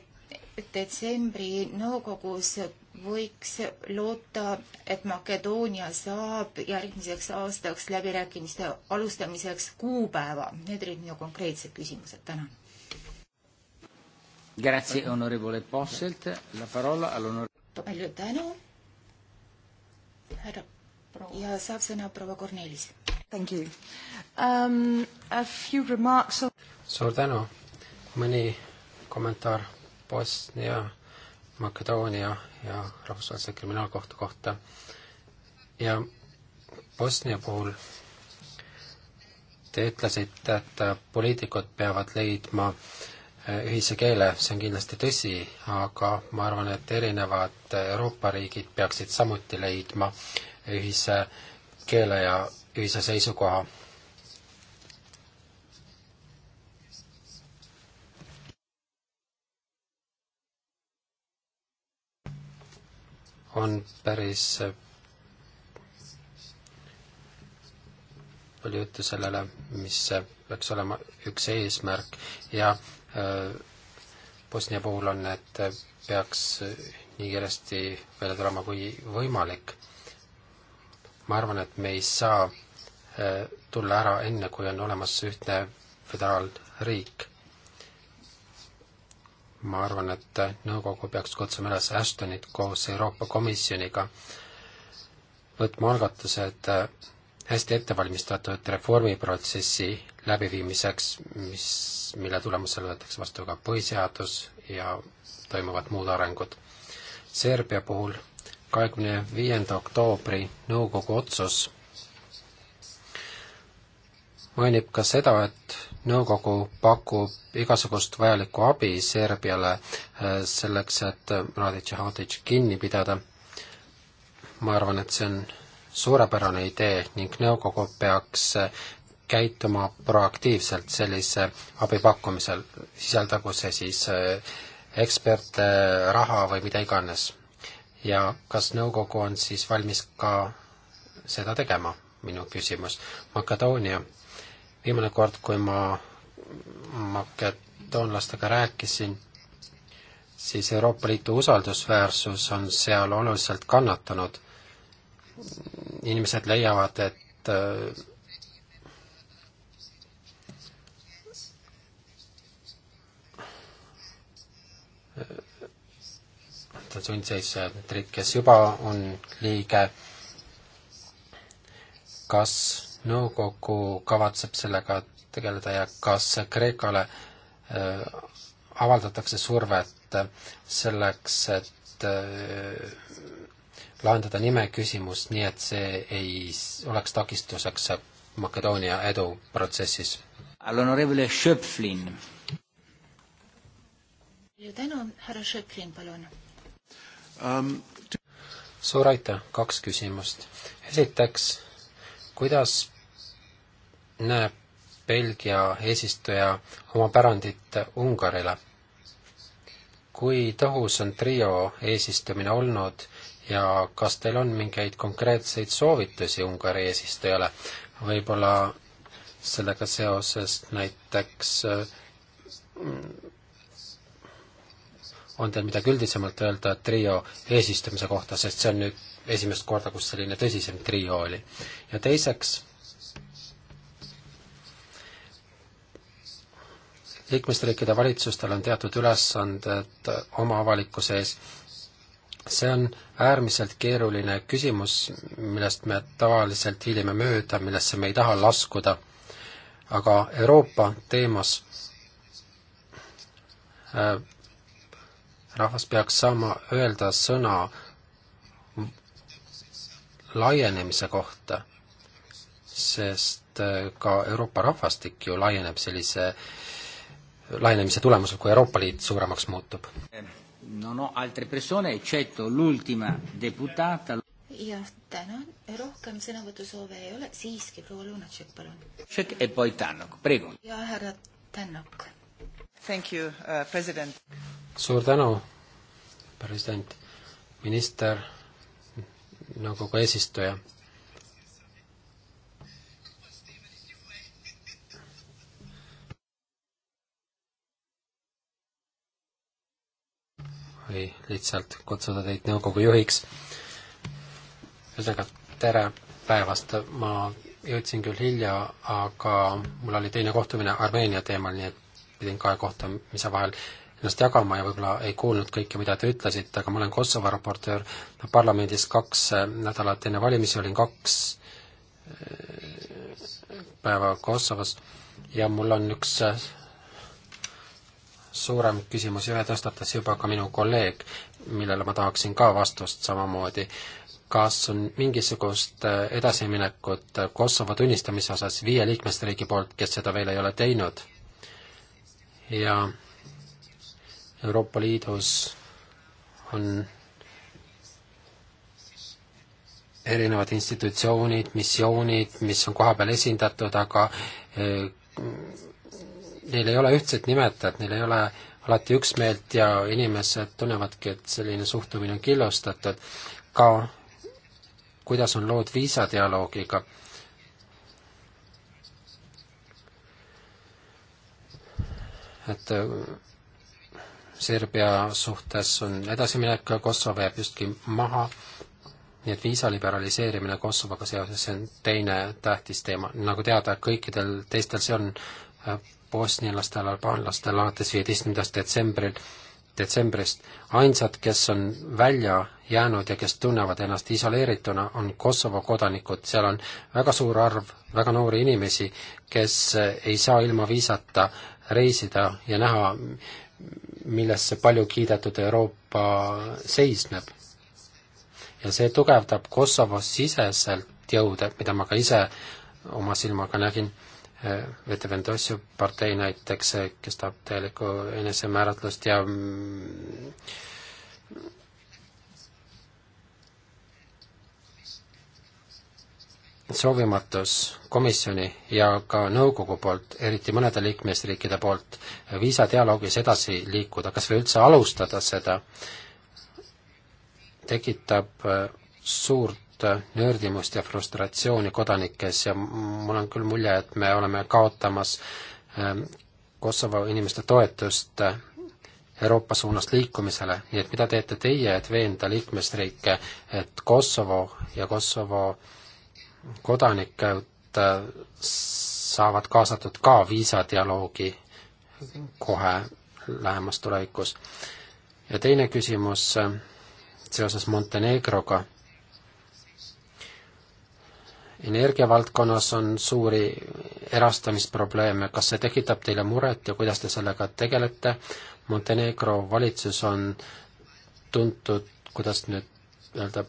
detsembri nõukogus võiks loota, et Makedoonia saab järgmiseks aastaks läbirääkimiste alustamiseks kuupäeva? Need olid minu konkreetsed küsimused, tänan. palju tänu, härra ja saab sõna proua Kornelis. Thank you um,. A few remarks on... suur tänu, mõni kommentaar Bosnia Makedoonia ja Rahvusvahelise Kriminaalkohtu kohta ja Bosnia puhul te ütlesite, et poliitikud peavad leidma eh, ühise keele, see on kindlasti tõsi, aga ma arvan, et erinevad Euroopa riigid peaksid samuti leidma ühise keele ja ühise seisukoha on päris palju juttu sellele, mis peaks olema üks eesmärk ja äh, Bosnia puhul on, et peaks nii kiiresti välja tulema kui võimalik. ma arvan, et me ei saa äh, tulla ära enne, kui on olemas ühtne föderaalriik ma arvan, et nõukogu peaks kutsuma üles Ashtonit koos Euroopa Komisjoniga võtma algatused äh, hästi ettevalmistatud reformiprotsessi läbiviimiseks, mis, mille tulemusel võetakse vastu ka põhiseadus ja toimuvad muud arengud. Serbia puhul kahekümne viienda oktoobri nõukogu otsus mainib ka seda, et nõukogu pakub igasugust vajalikku abi Serbiale äh, selleks, et äh, Mladic ja Hadic kinni pidada. ma arvan, et see on suurepärane idee ning nõukogu peaks äh, käituma proaktiivselt sellise abi pakkumisel, sisaldagu see siis eksperte, raha või mida iganes. ja kas nõukogu on siis valmis ka seda tegema, minu küsimus. Makedoonia viimane kord, kui ma makedoonlastega rääkisin, siis Euroopa Liidu usaldusväärsus on seal oluliselt kannatanud. inimesed leiavad, et äh, ta on sundseis, et kes juba on liige, kas nõukogu kavatseb sellega tegeleda ja kas Kreekale äh, avaldatakse survet äh, selleks, et äh, lahendada nime küsimus nii, et see ei oleks takistuseks Makedoonia edu protsessis. tänu, härra Šõplin, palun um,. suur aitäh, kaks küsimust. esiteks, kuidas näeb Belgia eesistuja oma pärandit Ungarile? kui tõhus on trio eesistumine olnud ja kas teil on mingeid konkreetseid soovitusi Ungari eesistujale? võib-olla sellega seoses näiteks äh, on teil midagi üldisemalt öelda trio eesistumise kohta, sest see on nüüd esimest korda, kus selline tõsisem trio oli. ja teiseks, liikmesriikide valitsustel on teatud ülesanded oma avalikkuse ees. see on äärmiselt keeruline küsimus, millest me tavaliselt hiilime mööda, millesse me ei taha laskuda. aga Euroopa teemas äh, rahvas peaks saama öelda sõna laienemise kohta, sest äh, ka Euroopa rahvastik ju laieneb sellise, laienemise tulemusel, kui Euroopa Liit suuremaks muutub. jah, tänan, rohkem sõnavõtusoove ei ole, siiski proua Lunatšek, palun. ja härra Tänak. Uh, suur tänu, president, minister nõukogu eesistuja. või lihtsalt kutsuda teid nõukogu juhiks. ühesõnaga, tere päevast, ma jõudsin küll hilja, aga mul oli teine kohtumine Armeenia teemal, nii et pidin kahe kohtumise vahel ennast jagama ja võib-olla ei kuulnud kõike, mida te ütlesite, aga ma olen Kosovo raportöör parlamendis kaks äh, nädalat enne valimisi, olin kaks äh, päeva Kosovos ja mul on üks äh, suurem küsimus, ühe tõstatas juba ka minu kolleeg, millele ma tahaksin ka vastust samamoodi. kas on mingisugust edasiminekut Kosovo tunnistamise osas viie liikmesriigi poolt, kes seda veel ei ole teinud? ja Euroopa Liidus on erinevad institutsioonid, missioonid, mis on kohapeal esindatud, aga eh, neil ei ole ühtset nimetajat, neil ei ole alati üksmeelt ja inimesed tunnevadki, et selline suhtumine on killustatud. ka kuidas on lood viisadialoogiga et Serbia suhtes on edasiminek, Kosovo jääb justkui maha, nii et viisa liberaliseerimine Kosovoga seoses, see on teine tähtis teema, nagu teada, kõikidel teistel see on äh, bosnialastel, albaanlastel alates viieteistkümnendast detsembril, detsembrist. ainsad, kes on välja jäänud ja kes tunnevad ennast isoleerituna, on Kosovo kodanikud, seal on väga suur arv väga noori inimesi, kes äh, ei saa ilma viisata reisida ja näha, milles see palju kiidetud Euroopa seisneb. ja see tugevdab Kosovo siseselt jõude, mida ma ka ise oma silmaga nägin, Vetevendossi partei näiteks, kes tahab täielikku enesemääratlust ja mm, soovimatus komisjoni ja ka nõukogu poolt, eriti mõnede liikmesriikide poolt, viisadialoogis edasi liikuda, kas või üldse alustada seda, tekitab äh, suurt äh, nördimust ja frustratsiooni kodanikes ja mul on küll mulje, et me oleme kaotamas ähm, Kosovo inimeste toetust äh, Euroopa suunas liikumisele, nii et mida teete teie, et veenda liikmesriike, et Kosovo ja Kosovo äh, kodanikud äh, saavad kaasatud ka viisadialoogi kohe lähemas tulevikus. ja teine küsimus äh, seoses Montenegroga. energiavaldkonnas on suuri erastamisprobleeme, kas see tekitab teile muret ja kuidas te sellega tegelete? Montenegro valitsus on tuntud, kuidas nüüd öelda,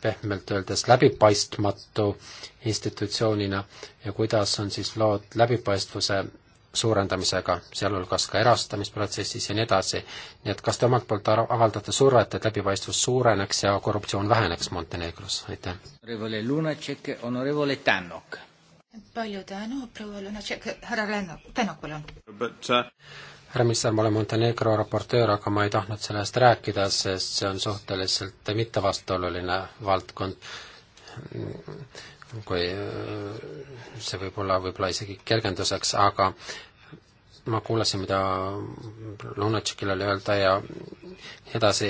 pehmelt öeldes läbipaistmatu institutsioonina ja kuidas on siis lood läbipaistvuse suurendamisega, sealhulgas ka erastamisprotsessis ja nii edasi. nii et kas te omalt poolt avaldate survet, et läbipaistvus suureneks ja korruptsioon väheneks Montenegros, aitäh? palju tänu, proua Lunatšek, härra Lennok, Tänok, palun! Uh, härra minister, ma olen Montenegro raportöör, aga ma ei tahtnud sellest rääkida, sest see on suhteliselt mittevastuoluline valdkond, kui äh, see võib olla võib-olla isegi kergenduseks, aga ma kuulasin, mida Lunatšikil oli öelda ja edasi,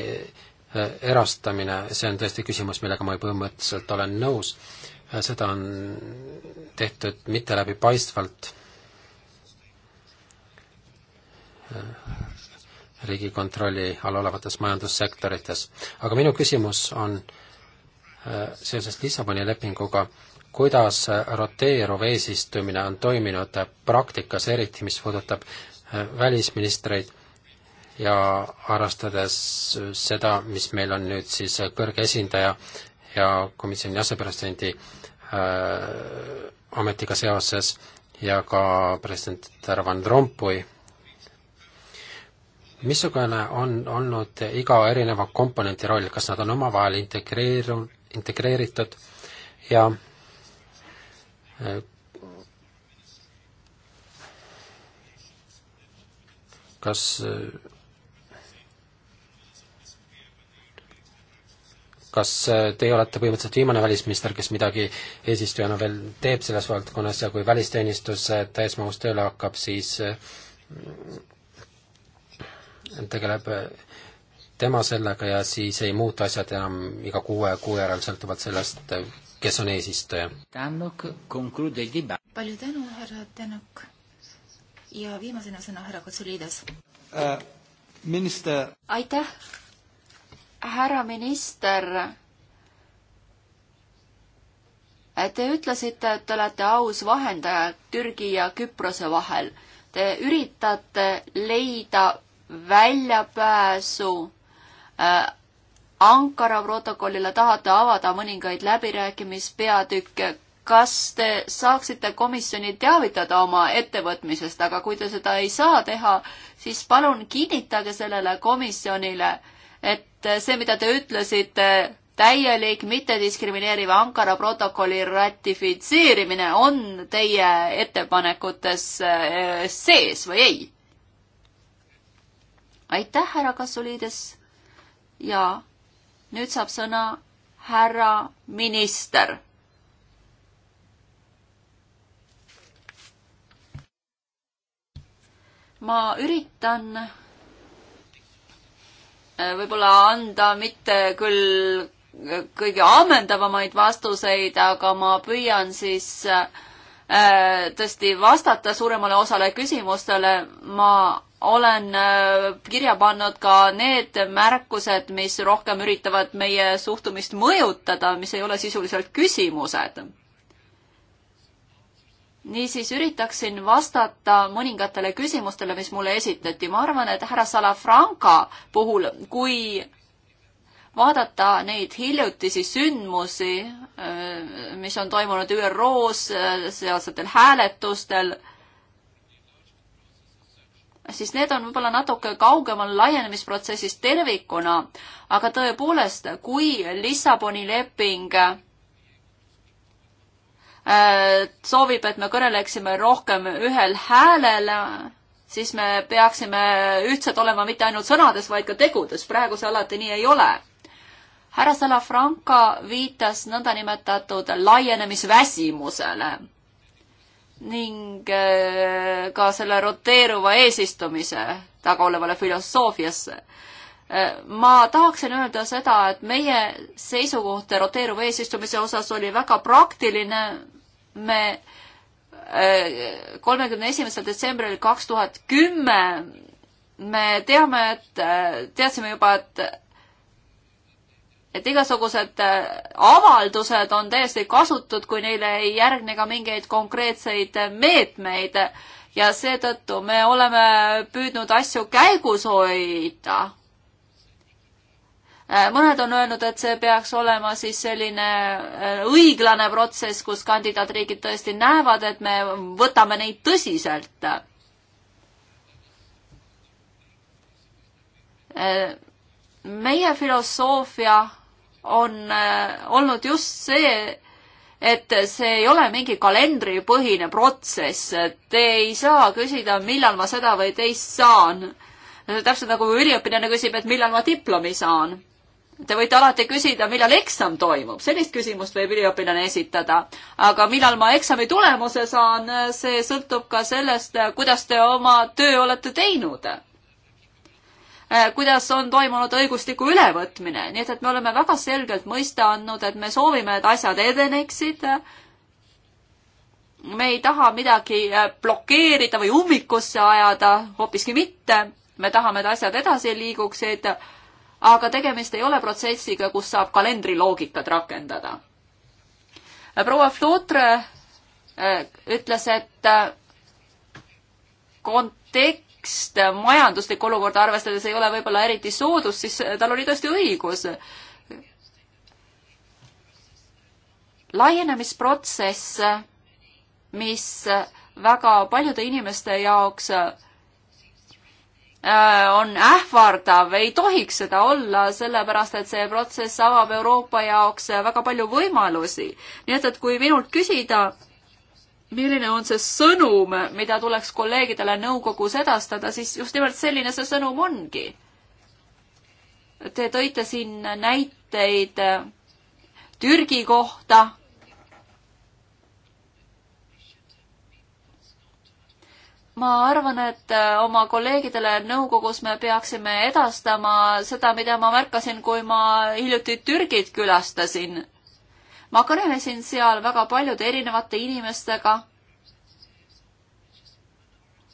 äh, erastamine, see on tõesti küsimus, millega ma põhimõtteliselt olen nõus, äh, seda on tehtud mitte läbipaistvalt riigikontrolli all olevates majandussektorites. aga minu küsimus on äh, seoses Lissaboni lepinguga, kuidas äh, roteeruv eesistumine on toiminud äh, praktikas, eriti mis puudutab välisministreid ja arvestades seda, mis meil on nüüd siis kõrge esindaja ja komisjoni asepresidendi äh, ametiga seoses ja ka president härra Van Rompuy missugune on olnud iga erineva komponendi roll, kas nad on omavahel integreeru-, integreeritud ja äh, kas äh, kas äh, teie olete põhimõtteliselt viimane välisminister, kes midagi eesistujana veel teeb selles valdkonnas ja kui välisteenistus täismahus tööle hakkab, siis tegeleb äh, tema sellega ja siis ei muutu asjad enam iga kuue kuu järel, sõltuvalt sellest, äh, kes on eesistuja. palju tänu, härra Tänak. ja viimasena sõna härra Kotsuliidas äh,. minister. aitäh, härra minister. Te ütlesite, et te olete aus vahendaja Türgi ja Küprose vahel. Te üritate leida väljapääsu äh, Ankara protokollile, tahate avada mõningaid läbirääkimispeatükke, kas te saaksite komisjoni teavitada oma ettevõtmisest, aga kui te seda ei saa teha, siis palun kinnitage sellele komisjonile, et see, mida te ütlesite, täielik mittediskrimineeriva Ankara protokolli ratifitseerimine on teie ettepanekutes äh, sees või ei? aitäh, härra Kasuliides ja nüüd saab sõna härra minister. ma üritan äh, võib-olla anda mitte küll äh, kõige ammendavamaid vastuseid, aga ma püüan siis äh, Äh, tõesti vastata suuremale osale küsimustele. ma olen äh, kirja pannud ka need märkused, mis rohkem üritavad meie suhtumist mõjutada, mis ei ole sisuliselt küsimused. niisiis üritaksin vastata mõningatele küsimustele, mis mulle esitati. ma arvan, et härra Salafranca puhul, kui vaadata neid hiljutisi sündmusi, äh, mis on toimunud ÜRO-s äh, sealsetel hääletustel, siis need on võib-olla natuke kaugemal laienemisprotsessist tervikuna, aga tõepoolest, kui Lissaboni leping äh, soovib, et me kõneleksime rohkem ühel häälel, siis me peaksime ühtsed olema mitte ainult sõnades, vaid ka tegudes. praegu see alati nii ei ole härra Salafranca viitas nõndanimetatud laienemisväsimusele ning äh, ka selle roteeruva eesistumise taga olevale filosoofiasse. Äh, ma tahaksin öelda seda, et meie seisukoht roteeruva eesistumise osas oli väga praktiline. me äh, kolmekümne esimesel detsembril kaks tuhat kümme me teame, et teadsime juba, et et igasugused äh, avaldused on täiesti kasutud, kui neile ei järgne ka mingeid konkreetseid meetmeid ja seetõttu me oleme püüdnud asju käigus hoida. Äh, mõned on öelnud, et see peaks olema siis selline äh, õiglane protsess, kus kandidaatriigid tõesti näevad, et me võtame neid tõsiselt meie filosoofia on äh, olnud just see, et see ei ole mingi kalendripõhine protsess, te ei saa küsida, millal ma seda või teist saan. täpselt nagu üliõpilane küsib, et millal ma diplomi saan. Te võite alati küsida, millal eksam toimub, sellist küsimust võib üliõpilane esitada. aga millal ma eksami tulemuse saan, see sõltub ka sellest, kuidas te oma töö olete teinud Äh, kuidas on toimunud õigustiku ülevõtmine, nii et, et me oleme väga selgelt mõista andnud, et me soovime, et asjad edeneksid. me ei taha midagi äh, blokeerida või ummikusse ajada, hoopiski mitte. me tahame, et asjad edasi liiguksid. aga tegemist ei ole protsessiga, kus saab kalendriloogikat rakendada. Äh, proua Flotre ütles, et kontekst kontekst majanduslikku olukorda arvestades ei ole võib-olla eriti soodus, siis tal oli tõesti õigus. laienemisprotsess, mis väga paljude inimeste jaoks äh, on ähvardav, ei tohiks seda olla, sellepärast et see protsess avab Euroopa jaoks väga palju võimalusi. nii et, et kui minult küsida, milline on see sõnum, mida tuleks kolleegidele nõukogus edastada, siis just nimelt selline see sõnum ongi. Te tõite siin näiteid äh, Türgi kohta. ma arvan, et äh, oma kolleegidele nõukogus me peaksime edastama seda, mida ma märkasin, kui ma hiljuti Türgit külastasin ma kõnelesin seal väga paljude erinevate inimestega,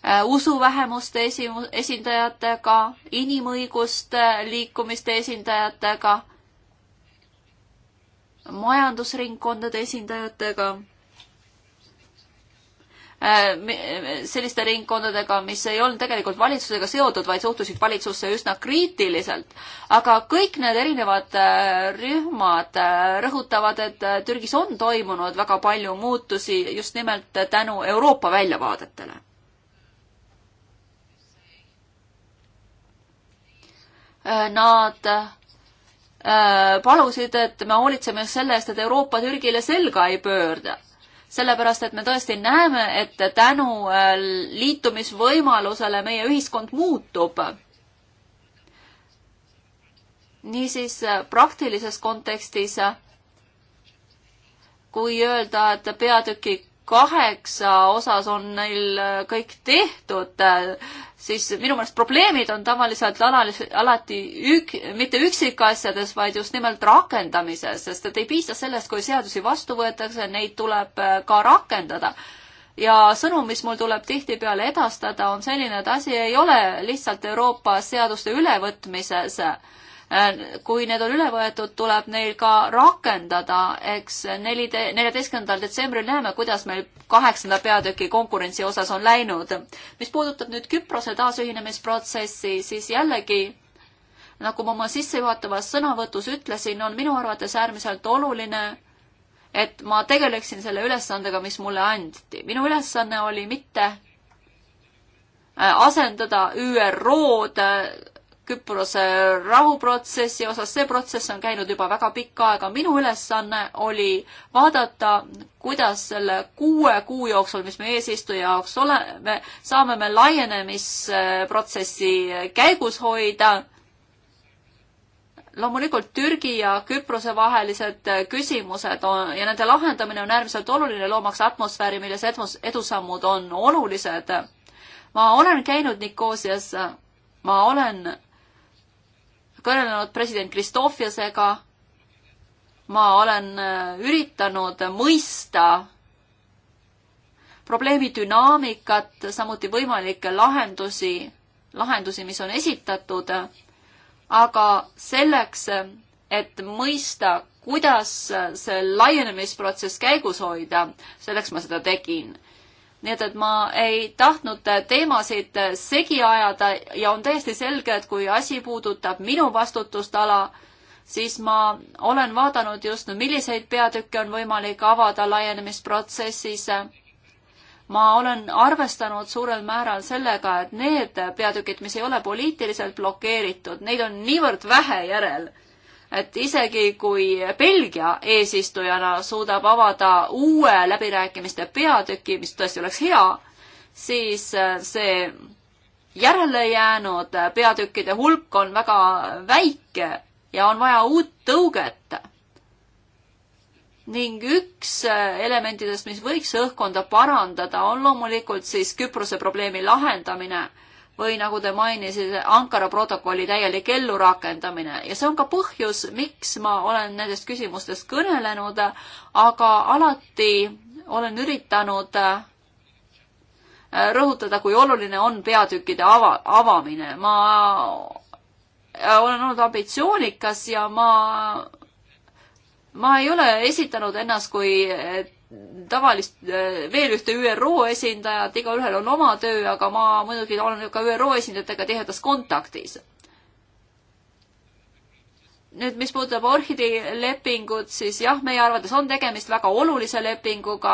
äh, usuvähemuste esi-, esindajatega, inimõiguste liikumiste esindajatega, majandusringkondade esindajatega Äh, selliste ringkondadega, mis ei olnud tegelikult valitsusega seotud, vaid suhtusid valitsusse üsna kriitiliselt. aga kõik need erinevad äh, rühmad äh, rõhutavad, et Türgis on toimunud väga palju muutusi just nimelt tänu Euroopa väljavaadetele. Nad palusid, et me hoolitseme selle eest, et Euroopa Türgile selga ei pöörda sellepärast et me tõesti näeme, et tänu äh, liitumisvõimalusele meie ühiskond muutub. niisiis äh, praktilises kontekstis, äh, kui öelda, et peatüki kaheksa osas on neil kõik tehtud, siis minu meelest probleemid on tavaliselt alalis, alati ük-, mitte üksikasjades, vaid just nimelt rakendamises, sest et ei piisa sellest, kui seadusi vastu võetakse, neid tuleb äh, ka rakendada. ja sõnum, mis mul tuleb tihtipeale edastada, on selline, et asi ei ole lihtsalt Euroopa seaduste ülevõtmises äh, Äh, kui need on üle võetud, tuleb neil ka rakendada, eks neli, neljateistkümnendal detsembril näeme, kuidas meil kaheksanda peatüki konkurentsi osas on läinud. mis puudutab nüüd Küprose taasühinemisprotsessi, siis jällegi nagu ma oma sissejuhatavas sõnavõtus ütlesin, on minu arvates äärmiselt oluline, et ma tegeleksin selle ülesandega, mis mulle anti. minu ülesanne oli mitte äh, asendada ÜRO-d Küprose rahuprotsessi osas, see protsess on käinud juba väga pikka aega. minu ülesanne oli vaadata, kuidas selle kuue kuu jooksul, mis me eesistuja jaoks oleme, saame me laienemisprotsessi käigus hoida. loomulikult Türgi ja Küprose vahelised küsimused on, ja nende lahendamine on äärmiselt oluline, loomaks atmosfääri, milles edus, edusammud on olulised. ma olen käinud Nikosias ma olen kõnelenud president Kristofjasega, ma olen äh, üritanud mõista probleemi dünaamikat, samuti võimalikke lahendusi, lahendusi, mis on esitatud, aga selleks, et mõista, kuidas see laienemisprotsess käigus hoida, selleks ma seda tegin nii et, et ma ei tahtnud teemasid segi ajada ja on täiesti selge, et kui asi puudutab minu vastutustala, siis ma olen vaadanud just, milliseid peatükke on võimalik avada laienemisprotsessis. ma olen arvestanud suurel määral sellega, et need peatükid, mis ei ole poliitiliselt blokeeritud, neid on niivõrd vähe järel et isegi kui Belgia eesistujana suudab avada uue läbirääkimiste peatüki, mis tõesti oleks hea, siis äh, see järelejäänud peatükkide hulk on väga väike ja on vaja uut tõuget. ning üks äh, elementidest, mis võiks õhkkonda parandada, on loomulikult siis Küprose probleemi lahendamine või nagu te mainisite, Ankara protokolli täielik ellurakendamine ja see on ka põhjus, miks ma olen nendest küsimustest kõnelenud, aga alati olen üritanud äh, rõhutada, kui oluline on peatükkide ava, avamine. ma äh, olen olnud ambitsioonikas ja ma, ma ei ole esitanud ennast kui äh, tavalist, äh, veel ühte ÜRO esindajat, igaühel on oma töö, aga ma muidugi olen ka ÜRO esindajatega tihedas kontaktis. nüüd, mis puudutab orhideelepingut, siis jah, meie arvates on tegemist väga olulise lepinguga,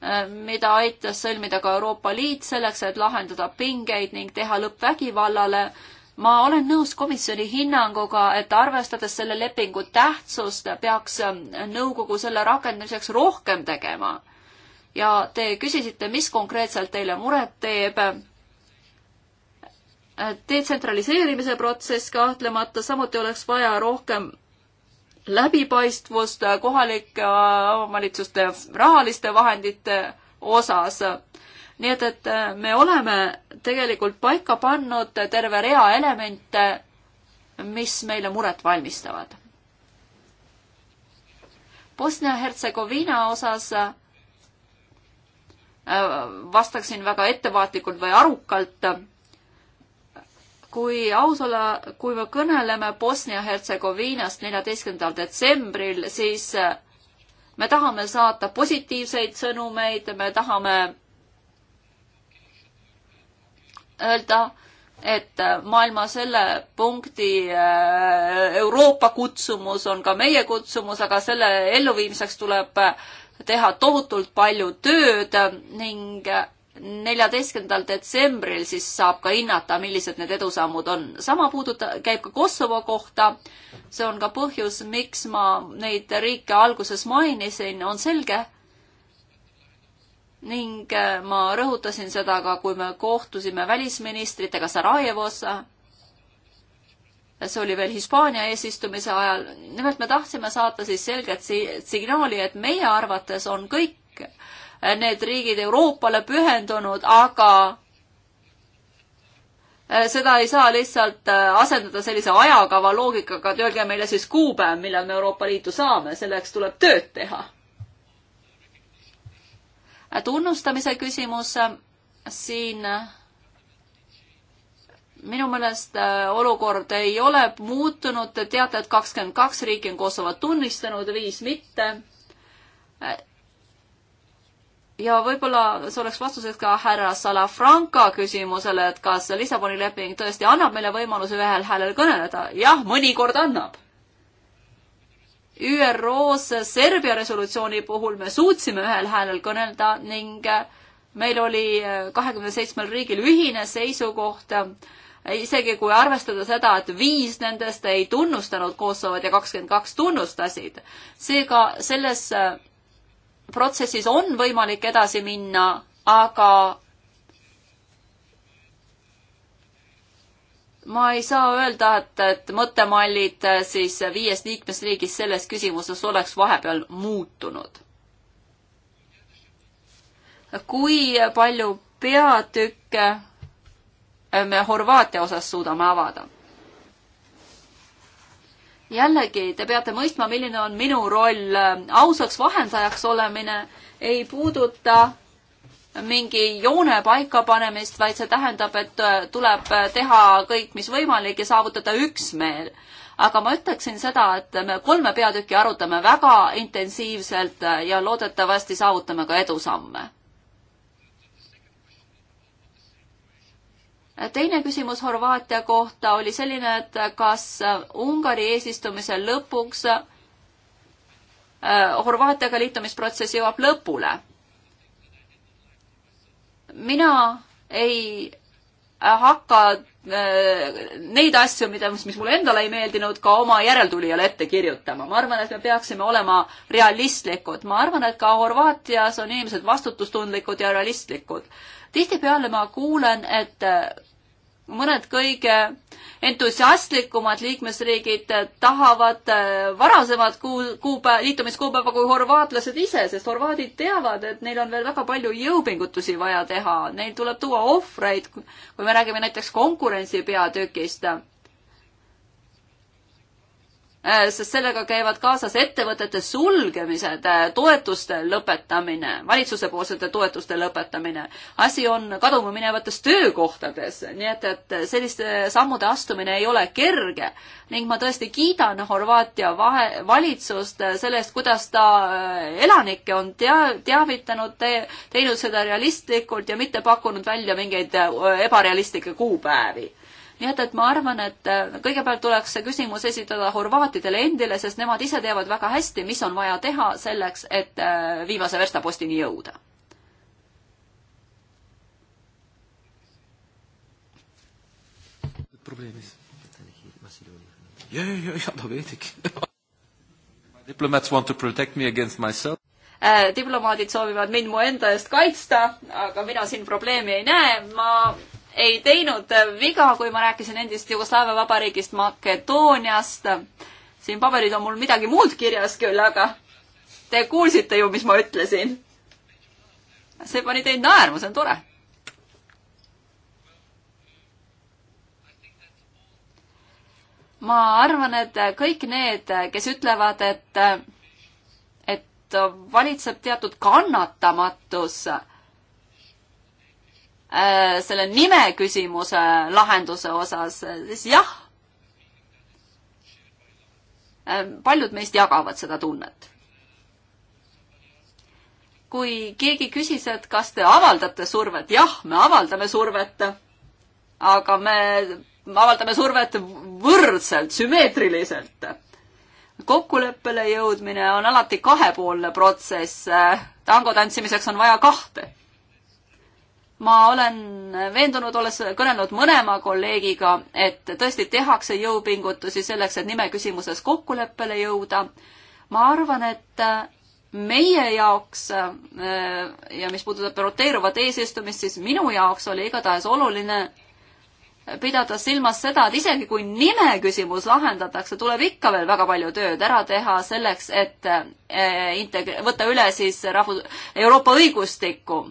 äh, mida aitas sõlmida ka Euroopa Liit selleks, et lahendada pingeid ning teha lõpp vägivallale ma olen nõus komisjoni hinnanguga, et arvestades selle lepingu tähtsust, peaks ähm, nõukogu selle rakendamiseks rohkem tegema. ja te küsisite, mis konkreetselt teile muret teeb. Äh, detsentraliseerimise protsess kahtlemata, samuti oleks vaja rohkem läbipaistvust äh, kohalike äh, omavalitsuste rahaliste vahendite osas nii et, et äh, me oleme tegelikult paika pannud terve rea elemente, mis meile muret valmistavad. Bosnia-Hertsegoviina osas äh, vastaksin väga ettevaatlikult või arukalt kui aus olla, kui me kõneleme Bosnia-Hertsegoviinast neljateistkümnendal detsembril, siis äh, me tahame saata positiivseid sõnumeid, me tahame öelda, et maailma selle punkti äh, Euroopa kutsumus on ka meie kutsumus, aga selle elluviimiseks tuleb teha tohutult palju tööd ning neljateistkümnendal detsembril siis saab ka hinnata, millised need edusammud on. sama puuduta-, käib ka Kosovo kohta. see on ka põhjus, miks ma neid riike alguses mainisin, on selge, ning äh, ma rõhutasin seda ka, kui me kohtusime välisministritega Sarajevos. see oli veel Hispaania eesistumise ajal. nimelt me tahtsime saata siis selget signaali, et meie arvates on kõik äh, need riigid Euroopale pühendunud, aga äh, seda ei saa lihtsalt asendada sellise ajakava loogikaga, et öelge meile siis kuupäev, millal me Euroopa Liitu saame, selleks tuleb tööd teha tunnustamise küsimus siin minu meelest äh, olukord ei ole muutunud, teate, et kakskümmend kaks riiki on Kosovo tunnistanud, viis mitte. Äh, ja võib-olla see oleks vastuseks ka härra Salafranca küsimusele, et kas Lissaboni leping tõesti annab meile võimaluse ühel häälel kõneleda. jah, mõnikord annab ÜRO-s Serbia resolutsiooni puhul me suutsime ühel häälel kõnelda ning äh, meil oli äh, kahekümne seitsmel riigil ühine seisukoht, äh, isegi kui arvestada seda, et viis nendest ei tunnustanud Kosovot ja kakskümmend kaks tunnustasid. seega selles protsessis on võimalik edasi minna, aga ma ei saa öelda, et, et mõttemallid äh, siis viies liikmesriigis selles küsimuses oleks vahepeal muutunud. kui palju peatükke äh, me Horvaatia osas suudame avada? jällegi, te peate mõistma, milline on minu roll, äh, ausaks vahendajaks olemine ei puuduta mingi joone paikapanemist, vaid see tähendab, et äh, tuleb äh, teha kõik, mis võimalik ja saavutada üksmeel. aga ma ütleksin seda, et me kolme peatükki arutame väga intensiivselt äh, ja loodetavasti saavutame ka edusamme. teine küsimus Horvaatia kohta oli selline, et kas Ungari eesistumise lõpuks Horvaatiaga liitumisprotsess jõuab lõpule mina ei äh, hakka äh, neid asju, mida, mis mulle endale ei meeldinud, ka oma järeltulijale ette kirjutama. ma arvan, et me peaksime olema realistlikud. ma arvan, et ka Horvaatias on inimesed vastutustundlikud ja realistlikud. tihtipeale ma kuulen, et mõned kõige entusiastlikumad liikmesriigid tahavad äh, varasemat kuu, kuupäeva, liitumiskuupäeva kui horvaatlased ise, sest horvaadid teavad, et neil on veel väga palju jõupingutusi vaja teha, neil tuleb tuua ohvreid, kui me räägime näiteks konkurentsi peatükist Äh, sest sellega käivad kaasas ettevõtete sulgemised, äh, toetuste lõpetamine, valitsusepoolsete toetuste lõpetamine. asi on kaduma minevates töökohtades, nii et, et selliste sammude astumine ei ole kerge ning ma tõesti kiidan Horvaatia vahe, valitsust sellest, kuidas ta äh, elanikke on tea-, teavitanud te,, teinud seda realistlikult ja mitte pakkunud välja mingeid ebarealistlikke kuupäevi nii et, et ma arvan, et äh, kõigepealt tuleks see küsimus esitada horvaatidele endile, sest nemad ise teavad väga hästi, mis on vaja teha selleks, et äh, viimase verstapostini jõuda. probleemis. ja, ja, ja, ja, da weet ik Diplomats want to protect me against myself äh, diplomaadid soovivad mind mu enda eest kaitsta, aga mina siin probleemi ei näe, ma ei teinud viga, kui ma rääkisin endist Jugoslaavia vabariigist Makedooniast. siin paberil on mul midagi muud kirjas küll, aga te kuulsite ju, mis ma ütlesin. see pani teid naerma, see on tore. ma arvan, et kõik need, kes ütlevad, et, et valitseb teatud kannatamatus Äh, selle nime küsimuse lahenduse osas, siis jah, äh, paljud meist jagavad seda tunnet. kui keegi küsis, et kas te avaldate survet, jah, me avaldame survet, aga me avaldame survet võrdselt, sümmeetriliselt. kokkuleppele jõudmine on alati kahepoolne protsess, tango tantsimiseks on vaja kahte ma olen veendunud, olles kõnelenud mõlema kolleegiga, et tõesti tehakse jõupingutusi selleks, et nime küsimuses kokkuleppele jõuda. ma arvan, et meie jaoks eh, ja mis puudutab roteeruvat eesistumist, siis minu jaoks oli igatahes oluline pidada silmas seda, et isegi kui nime küsimus lahendatakse, tuleb ikka veel väga palju tööd ära teha selleks, et eh, integ-, võtta üle siis rahvus-, Euroopa õigustikku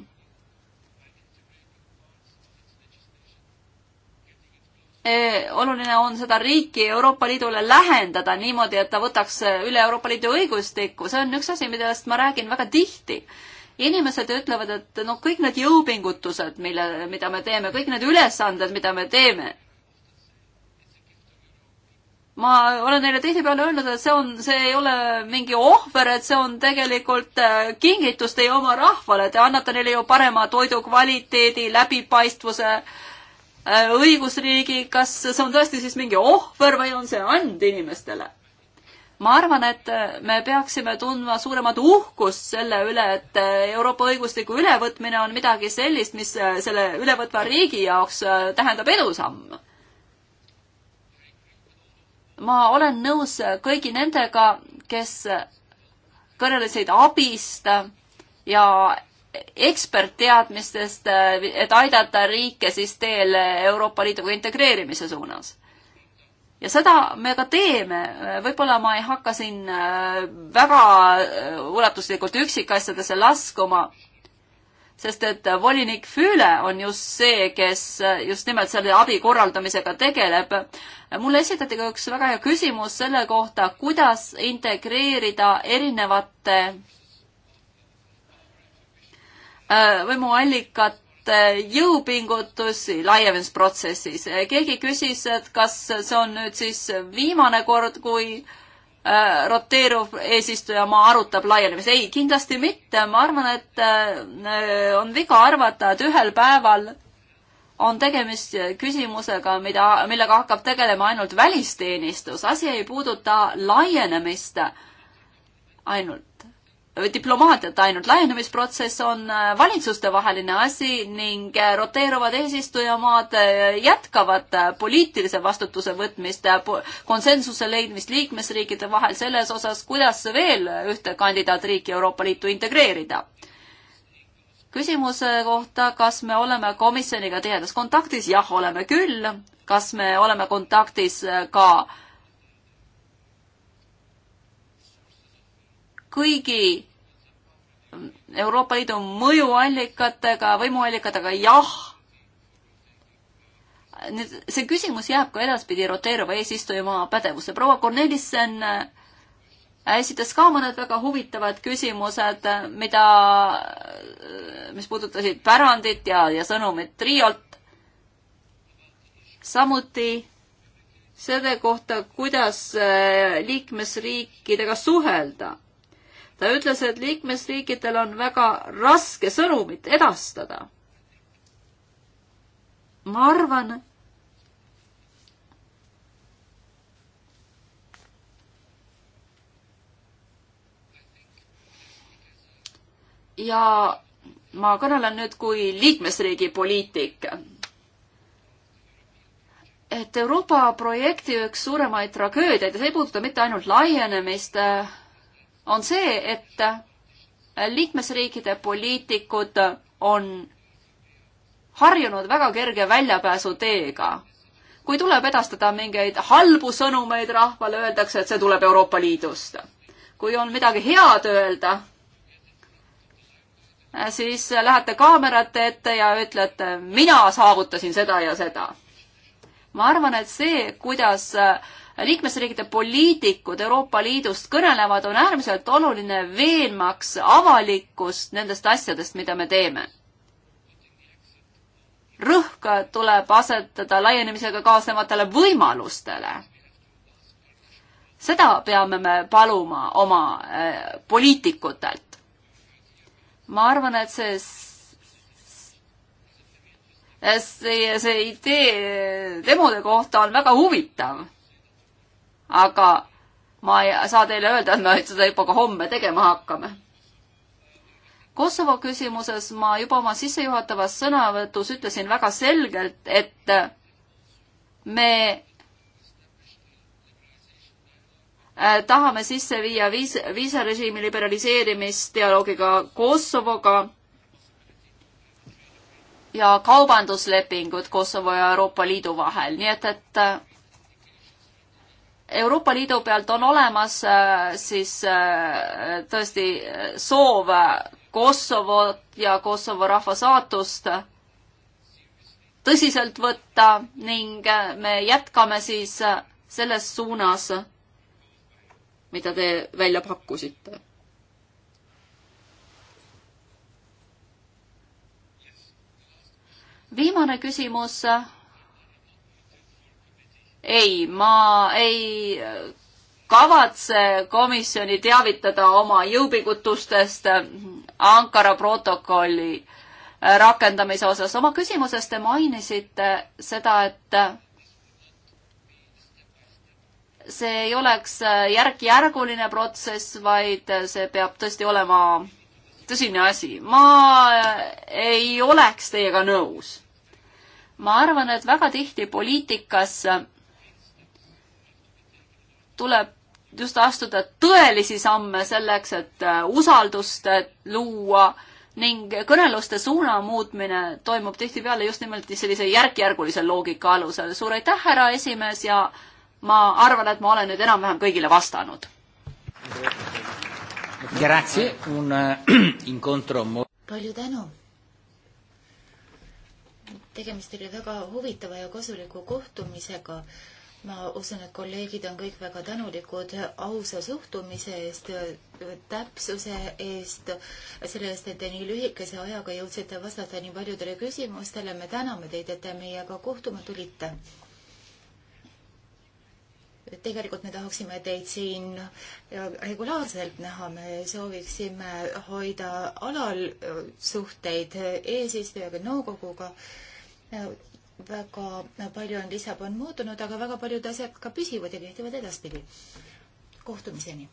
Eh, oluline on seda riiki Euroopa Liidule lähendada niimoodi, et ta võtaks eh, üle Euroopa Liidu õigustikku, see on üks asi, millest ma räägin väga tihti. inimesed ütlevad, et noh, kõik need jõupingutused, mille, mida me teeme, kõik need ülesanded, mida me teeme, ma olen neile tihtipeale öelnud, et see on, see ei ole mingi ohver, et see on tegelikult eh, kingitus teie oma rahvale, te annate neile ju parema toidu kvaliteedi, läbipaistvuse äh, Äh, õigusriigi, kas see on tõesti siis mingi ohver või on see and inimestele? ma arvan, et äh, me peaksime tundma suuremat uhkust selle üle, et äh, Euroopa õigustiku ülevõtmine on midagi sellist, mis selle ülevõtva riigi jaoks tähendab edusamm. ma olen nõus kõigi nendega, kes kõnelesid abist ja ekspertteadmistest, äh, et aidata riike siis teel Euroopa Liiduga integreerimise suunas. ja seda me ka teeme, võib-olla ma ei hakka siin äh, väga äh, ulatuslikult üksikasjadesse laskuma, sest et volinik Füüle on just see, kes just nimelt selle abi korraldamisega tegeleb. mulle esitati ka üks väga hea küsimus selle kohta, kuidas integreerida erinevate Äh, võimuallikat jõupingutusi laienemisprotsessis. Äh, keegi küsis, et kas see on nüüd siis viimane kord, kui äh, roteeruv eesistujamaa arutab laienemist. ei, kindlasti mitte. ma arvan, et on viga arvata, et ühel päeval on tegemist küsimusega, mida, millega hakkab tegelema ainult välisteenistus. asi ei puuduta laienemist ainult diplomaatiat ainult, laienemisprotsess on äh, valitsustevaheline asi ning äh, roteeruvad eesistujamaad äh, jätkavad poliitilise vastutuse võtmist, konsensuse leidmist liikmesriikide vahel selles osas, kuidas veel ühte kandidaatriiki Euroopa Liitu integreerida. küsimuse kohta, kas me oleme komisjoniga tihedas kontaktis, jah, oleme küll. kas me oleme kontaktis ka kõigi Euroopa Liidu mõjuallikatega, võimuallikatega, jah. nüüd see küsimus jääb ka edaspidi roteeruva eesistujamaa pädevusse. proua Kornelissen äh, esitas ka mõned väga huvitavad küsimused, mida, äh, mis puudutasid pärandit ja, ja sõnumit Triolt. samuti selle kohta, kuidas äh, liikmesriikidega suhelda ta ütles, et liikmesriikidel on väga raske sõnumit edastada. ma arvan, ja ma kõnelen nüüd kui liikmesriigi poliitik. et Euroopa projekti üks suuremaid tragöödiaid ja see ei puuduta mitte ainult laienemist, on see, et liikmesriikide poliitikud on harjunud väga kerge väljapääsuteega. kui tuleb edastada mingeid halbu sõnumeid rahvale, öeldakse, et see tuleb Euroopa Liidust. kui on midagi head öelda, siis lähete kaamerate ette ja ütlete, mina saavutasin seda ja seda. ma arvan, et see, kuidas liikmesriikide poliitikud Euroopa Liidust kõnelevad, on äärmiselt oluline veenmaks avalikkust nendest asjadest, mida me teeme. rõhk tuleb asetada laienemisega kaasnevatele võimalustele. seda peame me paluma oma äh, poliitikutelt. ma arvan, et see see, see idee demode kohta on väga huvitav aga ma ei saa teile öelda, et me seda juba ka homme tegema hakkame. Kosovo küsimuses ma juba oma sissejuhatavas sõnavõtus ütlesin väga selgelt, et me äh, tahame sisse viia viis, viisarežiimi liberaliseerimist dialoogiga Kosovoga ja kaubanduslepingud Kosovo ja Euroopa Liidu vahel, nii et, et äh, Euroopa Liidu pealt on olemas äh, siis äh, tõesti äh, soov Kosovot ja Kosovo rahva saatust tõsiselt võtta ning me jätkame siis selles suunas, mida te välja pakkusite. viimane küsimus ei, ma ei äh, kavatse komisjoni teavitada oma jõupingutustest äh, Ankara protokolli äh, rakendamise osas. oma küsimuses te mainisite seda, et see ei oleks järk-järguline protsess, vaid see peab tõesti olema tõsine asi. ma ei oleks teiega nõus. ma arvan, et väga tihti poliitikas tuleb just astuda tõelisi samme selleks, et äh, usaldust äh, luua ning kõneluste suuna muutmine toimub tihtipeale just nimelt sellise järk-järgulise loogika alusel. suur aitäh, härra esimees ja ma arvan, et ma olen nüüd enam-vähem kõigile vastanud. Äh, palju tänu. tegemist oli väga huvitava ja kasuliku kohtumisega ma usun, et kolleegid on kõik väga tänulikud ausa suhtumise eest, täpsuse eest, selle eest, et te nii lühikese ajaga jõudsite vastata nii paljudele küsimustele. me täname teid, et te meiega kohtuma tulite. tegelikult me tahaksime teid siin regulaarselt näha, me sooviksime hoida alal suhteid eesistujaga, nõukoguga väga palju on Lissabon muutunud, aga väga paljud asjad ka püsivad ja kehtivad edaspidi. kohtumiseni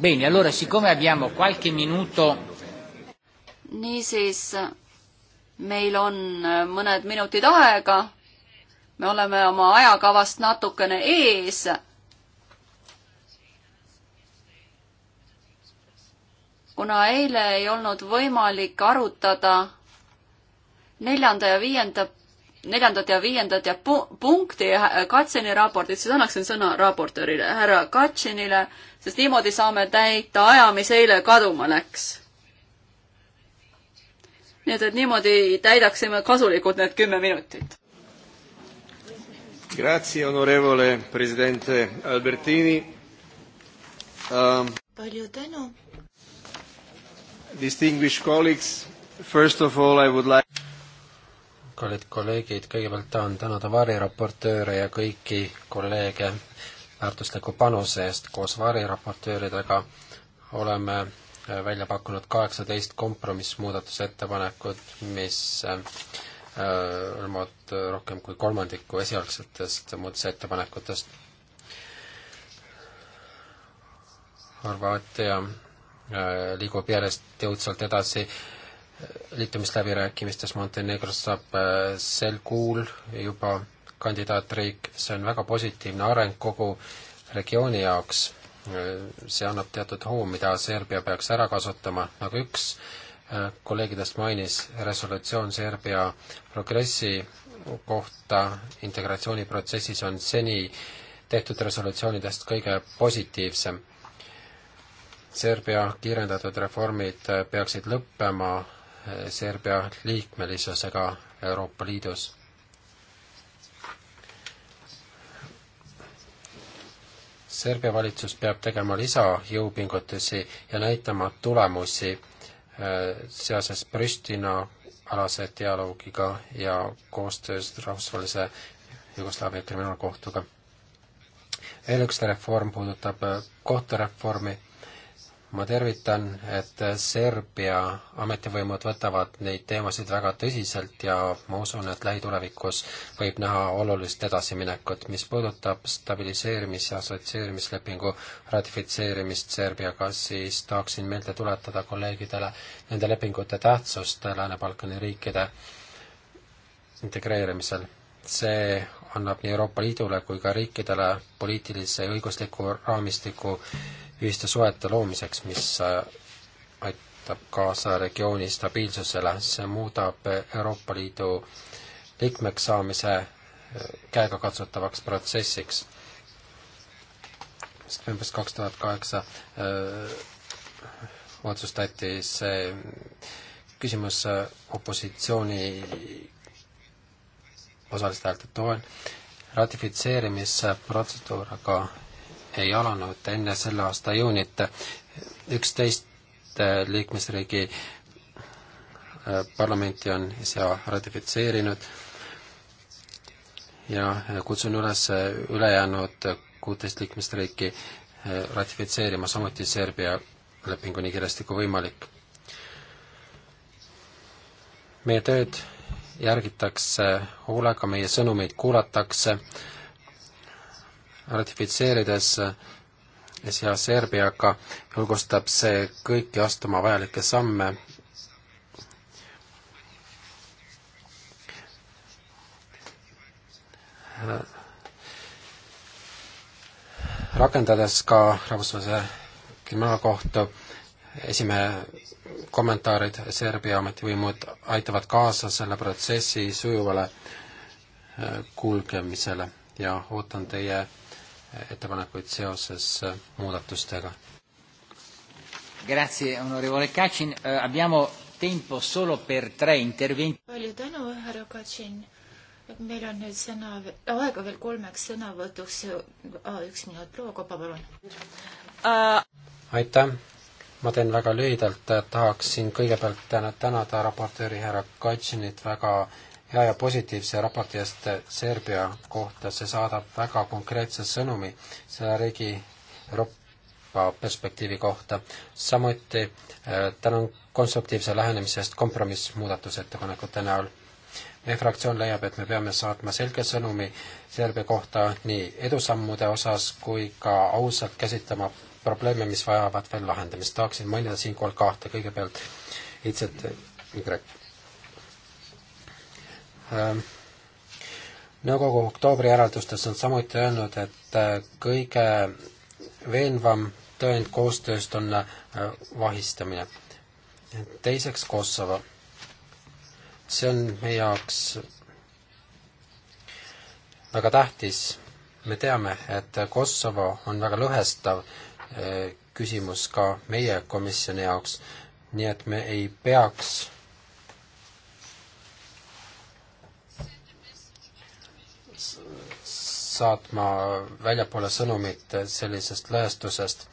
Bene, allora siccome abbiamo qualche minuto. niisiis, meil on eh, mõned minutid aega. me oleme oma ajakavast natukene ees. kuna eile ei olnud võimalik arutada neljanda ja viienda neljandat ja viiendat ja pu punkti Katseni raportit, siis annaksin sõna raportöörile, härra Katsenile, sest niimoodi saame täita aja, mis eile kaduma läks. nii et, et niimoodi täidaksime kasulikult need kümme minutit. Grazie, onorevole president Albertini um,. palju tänu. Distinguished colleagues, first of all I would like kallid kolleegid, kõigepealt tahan tänada variraportööre ja kõiki kolleege väärtusliku panuse eest, koos variraportööridega oleme äh, välja pakkunud kaheksateist kompromissmuudatusettepanekut, mis äh, hõlmavad äh, rohkem kui kolmandikku esialgsetest muudatusettepanekutest. Horvaatia liigub järjest jõudsalt edasi liitumisläbirääkimistes Montenegros saab äh, sel kuul juba kandidaatriik, see on väga positiivne areng kogu regiooni jaoks, äh, see annab teatud hoo, mida Serbia peaks ära kasutama, nagu üks äh, kolleegidest mainis, resolutsioon Serbia progressi kohta integratsiooniprotsessis on seni tehtud resolutsioonidest kõige positiivsem Serbia kiirendatud reformid peaksid lõppema Serbia liikmelisusega Euroopa Liidus. Serbia valitsus peab tegema lisajõupingutusi ja näitama tulemusi äh, seoses Pristina alase dialoogiga ja koostöös rahvusvahelise Jugoslaavia kriminaalkohtuga veel üks reform puudutab äh, kohtureformi ma tervitan, et Serbia ametivõimud võtavad neid teemasid väga tõsiselt ja ma usun, et lähitulevikus võib näha olulist edasiminekut. mis puudutab stabiliseerimis- ja assotsieerimislepingu ratifitseerimist Serbiaga, siis tahaksin meelde tuletada kolleegidele nende lepingute tähtsust Lääne-Balkani riikide integreerimisel. see annab nii Euroopa Liidule kui ka riikidele poliitilise ja õigusliku raamistiku ühiste suhete loomiseks, mis äh, aitab kaasa regiooni stabiilsusele, see muudab Euroopa Liidu liikmeks saamise äh, käegakatsutavaks protsessiks. sest umbes kaks tuhat kaheksa äh, otsustati see küsimus opositsiooni osaliste häälte toel, ratifitseerimisprotseduur aga ei alanud enne selle aasta juunit. üksteist äh, liikmesriigi äh, parlamenti on seda ratifitseerinud ja äh, kutsun üles ülejäänud kuuteist liikmesriiki ratifitseerima samuti Serbia lepingu nii kiiresti kui võimalik. meie tööd järgitakse hoolega, meie sõnumeid kuulatakse ratifitseerides eh, ja Serbiaga julgustab see kõiki astuma vajalikke samme rakendades ka Rahvusvahelise Kriminaalkohtu esimehe kommentaarid, Serbia ametivõimud aitavad kaasa selle protsessi sujuvale eh, kulgemisele ja ootan teie ettepanekuid seoses äh, muudatustega. Grazie, onorevole Kacin, äh, abbiamo tempo solo per tre interventi. palju tänu, härra Kacin. meil on nüüd sõna, aega veel kolmeks sõnavõtuks ah,, üks minut, proua Kopa, palun uh.... aitäh, ma teen väga lühidalt, tahaksin kõigepealt tänada raportööri härra Kacinit väga hea ja positiivse raporti eest Serbia kohta, see saadab väga konkreetse sõnumi selle riigi Euroopa perspektiivi kohta. samuti äh, tänan konstruktiivse lähenemise eest kompromissmuudatusettepanekute näol meie fraktsioon leiab, et me peame saatma selge sõnumi Serbia kohta nii edusammude osas kui ka ausalt käsitlema probleeme, mis vajavad veel lahendamist. tahaksin mainida siinkohal kahte, kõigepealt ICTY Ähm, nõukogu oktoobri järeldustes on samuti öelnud, et äh, kõige veenvam tõend koostööst on äh, vahistamine. teiseks Kosovo. see on meie jaoks väga tähtis. me teame, et Kosovo on väga lõhestav äh, küsimus ka meie komisjoni jaoks, nii et me ei peaks saatma väljapoole sõnumit sellisest lõhestusest.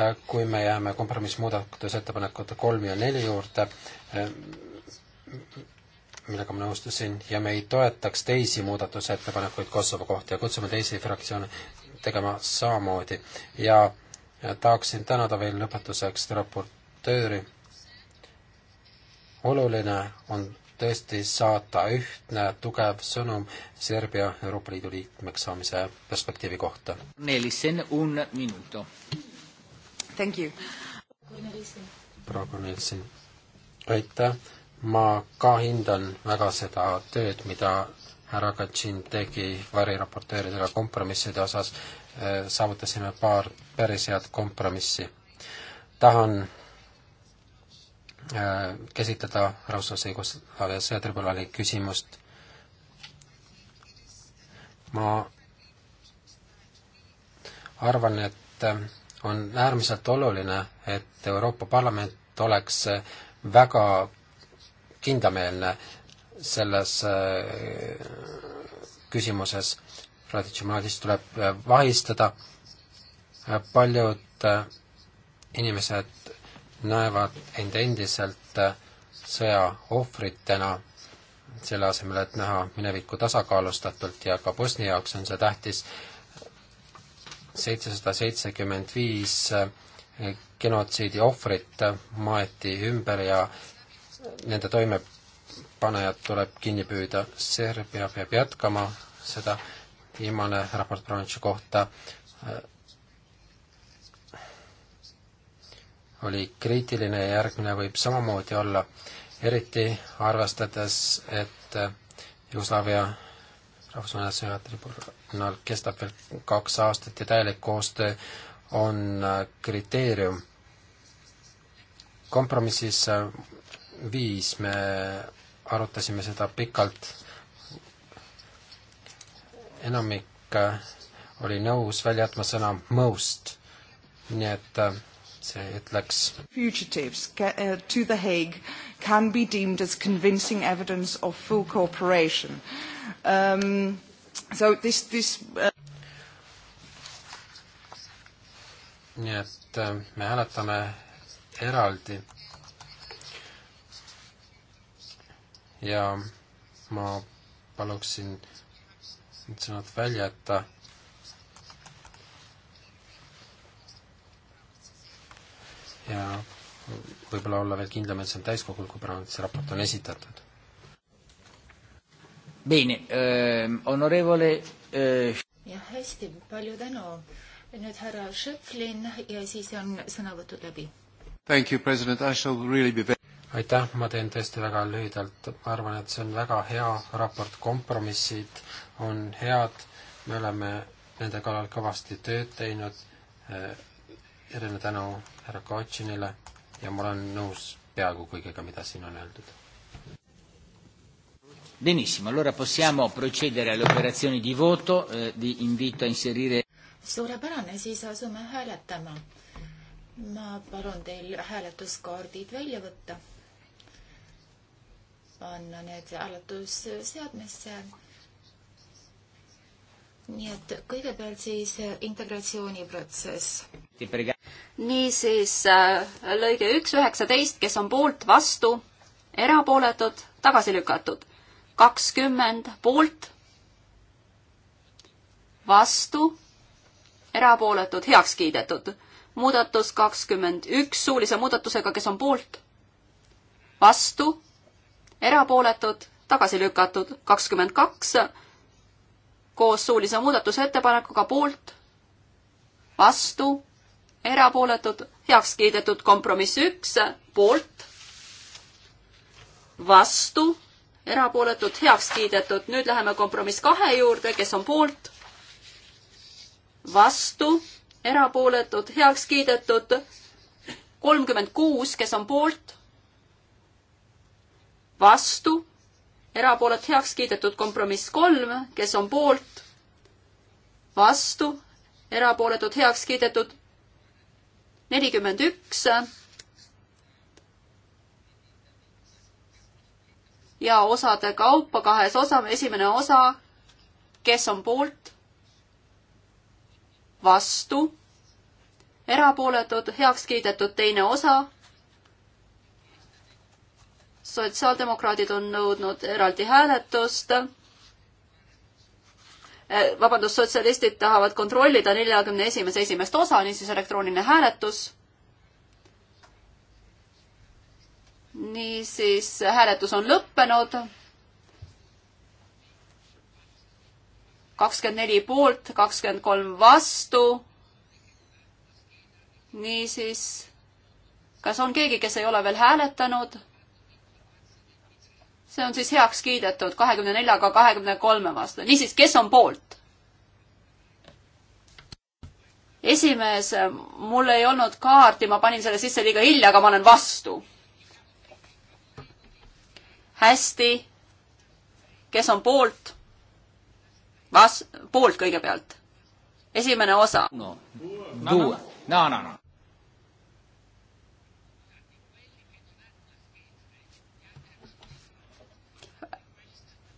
Äh, kui me jääme kompromissmuudatusettepanekute kolm ja neli juurde, äh, millega ma nõustusin, ja me ei toetaks teisi muudatusettepanekuid Kosovo kohta ja kutsume teisi fraktsioone tegema samamoodi. ja tahaksin tänada veel lõpetuseks raportööri. oluline on tõesti saata ühtne tugev sõnum Serbia Euroopa Liidu liikmeks saamise perspektiivi kohta. Nelissen, un minuto. Thank you. praegu Nelissen. aitäh, ma ka hindan väga seda tööd, mida härra Katšin tegi variraporteeridele kompromisside osas, äh, saavutasime paar päris head kompromissi. tahan Äh, käsitleda rahvusvahelise tribunali küsimust. ma arvan, et äh, on äärmiselt oluline, et Euroopa Parlament oleks äh, väga kindlameelne selles küsimuses. Raditšimaadist tuleb vahistada, paljud inimesed näevad end endiselt äh, sõja ohvritena, selle asemel, et näha minevikku tasakaalustatult ja ka Bosnia jaoks on see tähtis, seitsesada seitsekümmend viis äh, genotsiidi ohvrit äh, maeti ümber ja nende toimepanejad tuleb kinni püüda. Serbia peab jätkama seda, viimane raport Branši kohta oli kriitiline ja järgmine võib samamoodi olla, eriti arvestades, et äh, Jugoslaavia rahvusvaheline sõjatribunal kestab veel kaks aastat ja täielik koostöö on äh, kriteerium. kompromissis äh, viis me arutasime seda pikalt. enamik oli nõus välja jätma sõna most, nii et see ütleks. Fugitives eh, to the Hague can be deemed as convincing evidence of full cooperation um,. So this, this uh.... nii et eh, me hääletame eraldi. ja ma paluksin nüüd sõnad välja jätta ja võib-olla olla veel kindlam, et see on täiskogul, kui praegu see raport on esitatud. Bene eh,, honorevole eh.... jah, hästi, palju tänu. nüüd härra Šeflin ja siis on sõnavõtud läbi. Thank you, president, I shall really be very aitäh, ma teen tõesti väga lühidalt, ma arvan, et see on väga hea raport, kompromissid on head, me oleme nende kallal kõvasti tööd teinud, eh, eriline tänu härra Kotšinile ja ma olen nõus peaaegu kõigega, mida siin on öeldud. Benissimo, allora possiamo procedere alle operazioni di voto eh,, di invito a inserire suurepärane, siis asume hääletama. ma palun teil hääletuskaardid välja võtta. panna need hääletusseadmesse nii et kõigepealt siis äh, integratsiooniprotsess. niisiis äh, lõige üks üheksateist, kes on poolt, vastu, erapooletud, tagasi lükatud. kakskümmend poolt, vastu, erapooletud, heaks kiidetud. muudatus kakskümmend üks suulise muudatusega, kes on poolt, vastu, erapooletud, tagasi lükatud. kakskümmend kaks koos suulise muudatusettepanekuga poolt, vastu, erapooletud, heaks kiidetud kompromiss üks, poolt, vastu, erapooletud, heaks kiidetud. nüüd läheme kompromiss kahe juurde, kes on poolt, vastu, erapooletud, heaks kiidetud. kolmkümmend kuus, kes on poolt, vastu erapoolet heaks kiidetud kompromiss kolm, kes on poolt, vastu, erapooletud heaks kiidetud nelikümmend üks ja osade kaupa kahes osa, esimene osa, kes on poolt, vastu, erapooletud, heaks kiidetud teine osa, sotsiaaldemokraadid on nõudnud eraldi hääletust. Eh, vabandust, sotsialistid tahavad kontrollida neljakümne esimese esimest osa, niisiis elektrooniline hääletus. niisiis hääletus on lõppenud. kakskümmend neli poolt, kakskümmend kolm vastu. niisiis, kas on keegi, kes ei ole veel hääletanud? see on siis heaks kiidetud kahekümne neljaga kahekümne kolme vastu. niisiis, kes on poolt? esimees, mul ei olnud kaarti, ma panin selle sisse liiga hilja, aga ma olen vastu. hästi. kes on poolt? Vas-, poolt kõigepealt. esimene osa no.. No, no, no.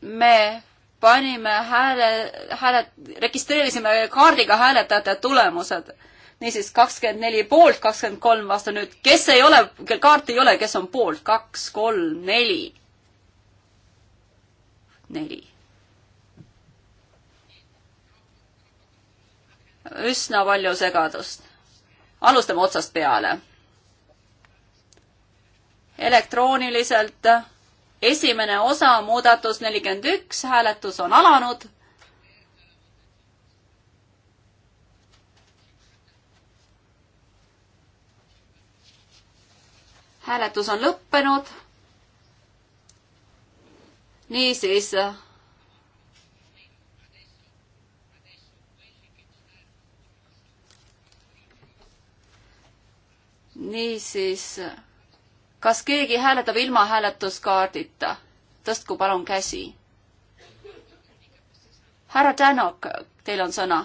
me panime hääle, hääle, registreerisime kaardiga hääletajate tulemused. niisiis kakskümmend neli poolt, kakskümmend kolm vastu nüüd, kes ei ole, kel kaarti ei ole, kes on poolt, kaks, kolm, neli. neli. üsna palju segadust. alustame otsast peale. elektrooniliselt esimene osa, muudatus nelikümmend üks, hääletus on alanud. hääletus on lõppenud. niisiis. niisiis kas keegi hääletab ilma hääletuskaardita? tõstku palun käsi. härra Tänok, teil on sõna.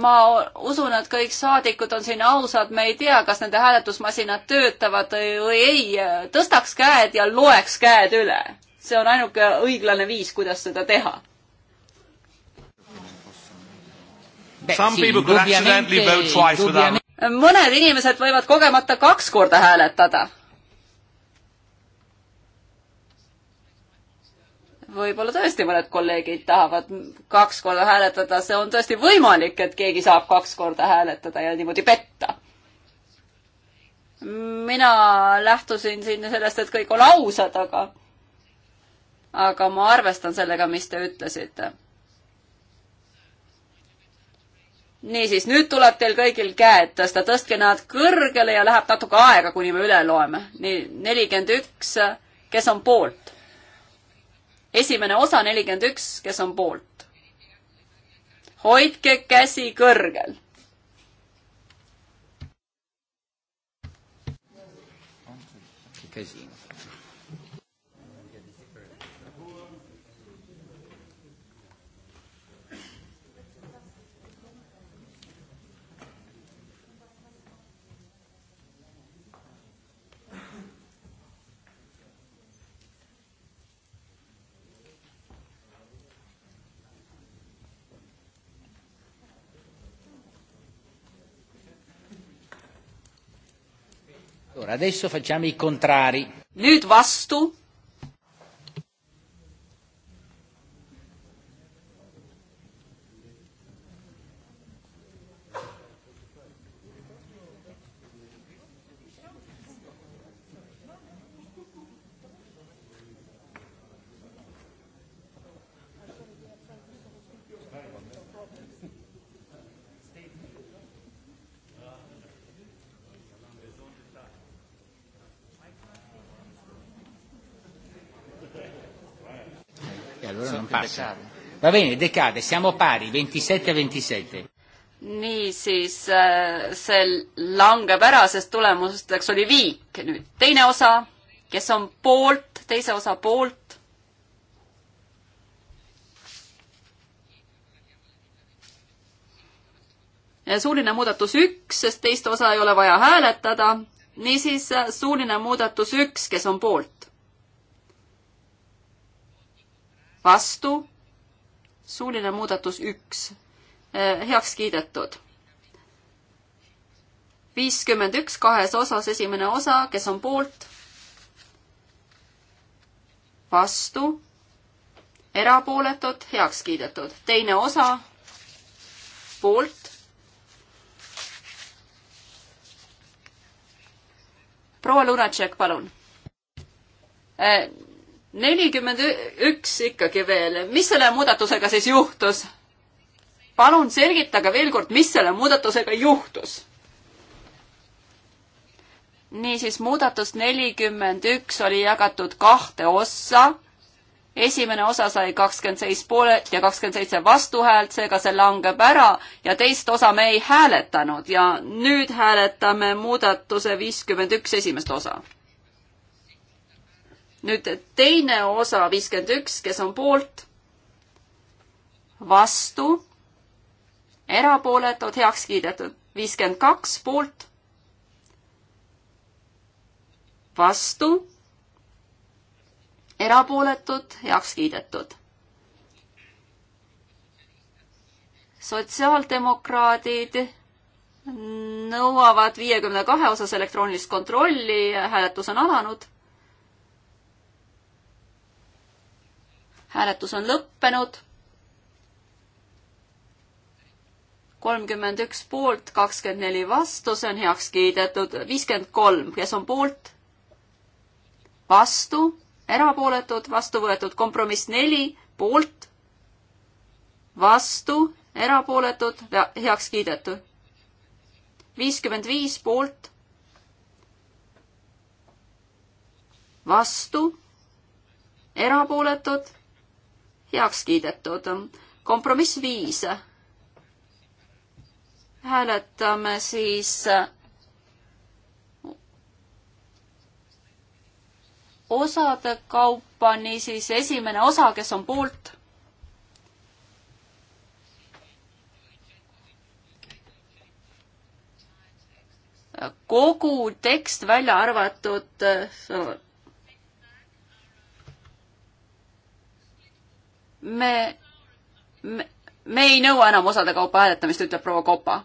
ma usun, et kõik saadikud on siin ausad, me ei tea, kas nende hääletusmasinad töötavad või ei. tõstaks käed ja loeks käed üle. see on ainuke õiglane viis, kuidas seda teha Beh, Some sì, people could accidentally vote twice without mõned inimesed võivad kogemata kaks korda hääletada. võib-olla tõesti mõned kolleegid tahavad kaks korda hääletada, see on tõesti võimalik, et keegi saab kaks korda hääletada ja niimoodi petta. mina lähtusin siin sellest, et kõik on ausad, aga aga ma arvestan sellega, mis te ütlesite niisiis, nüüd tuleb teil kõigil käed tõsta, tõstke nad kõrgele ja läheb natuke aega, kuni me üle loeme. nii, nelikümmend üks, kes on poolt? esimene osa nelikümmend üks, kes on poolt? hoidke käsi kõrgel. käsi nüüd vastu passa. va bene, decade, siamo pari, ventisette ja e ventisette. niisiis äh, see langeb ära, sest tulemusteks oli viik. nüüd teine osa, kes on poolt, teise osa poolt. suuline muudatus üks, sest teist osa ei ole vaja hääletada. niisiis äh, suuline muudatus üks, kes on poolt vastu, suuline muudatus üks, äh, heaks kiidetud. viiskümmend üks kahes osas, esimene osa, kes on poolt, vastu, erapooletud, heaks kiidetud. teine osa, poolt, proua Lunatšek, palun äh, nelikümmend üks ikkagi veel, mis selle muudatusega siis juhtus? palun selgitage veel kord, mis selle muudatusega juhtus? niisiis, muudatus nelikümmend üks oli jagatud kahte ossa. esimene osa sai kakskümmend seitse poolet ja kakskümmend seitse vastuhäält, seega see langeb ära ja teist osa me ei hääletanud ja nüüd hääletame muudatuse viiskümmend üks esimest osa nüüd teine osa, viiskümmend üks, kes on poolt, vastu, erapooletud, heaks kiidetud, viiskümmend kaks poolt, vastu, erapooletud, heaks kiidetud. sotsiaaldemokraadid nõuavad viiekümne kahe osas elektroonilist kontrolli, hääletus on alanud hääletus on lõppenud. kolmkümmend üks poolt, kakskümmend neli vastu, see on heaks kiidetud. viiskümmend kolm, kes on poolt? vastu, erapooletud, vastu võetud. kompromiss neli, poolt, vastu, erapooletud, heaks kiidetud. viiskümmend viis poolt vastu, erapooletud, heaks kiidetud. kompromiss viis. hääletame siis osade kaupa, niisiis esimene osa, kes on poolt. kogu tekst välja arvatud me, me, me ei nõua enam osade kaupa hääletamist, ütleb proua Kopa.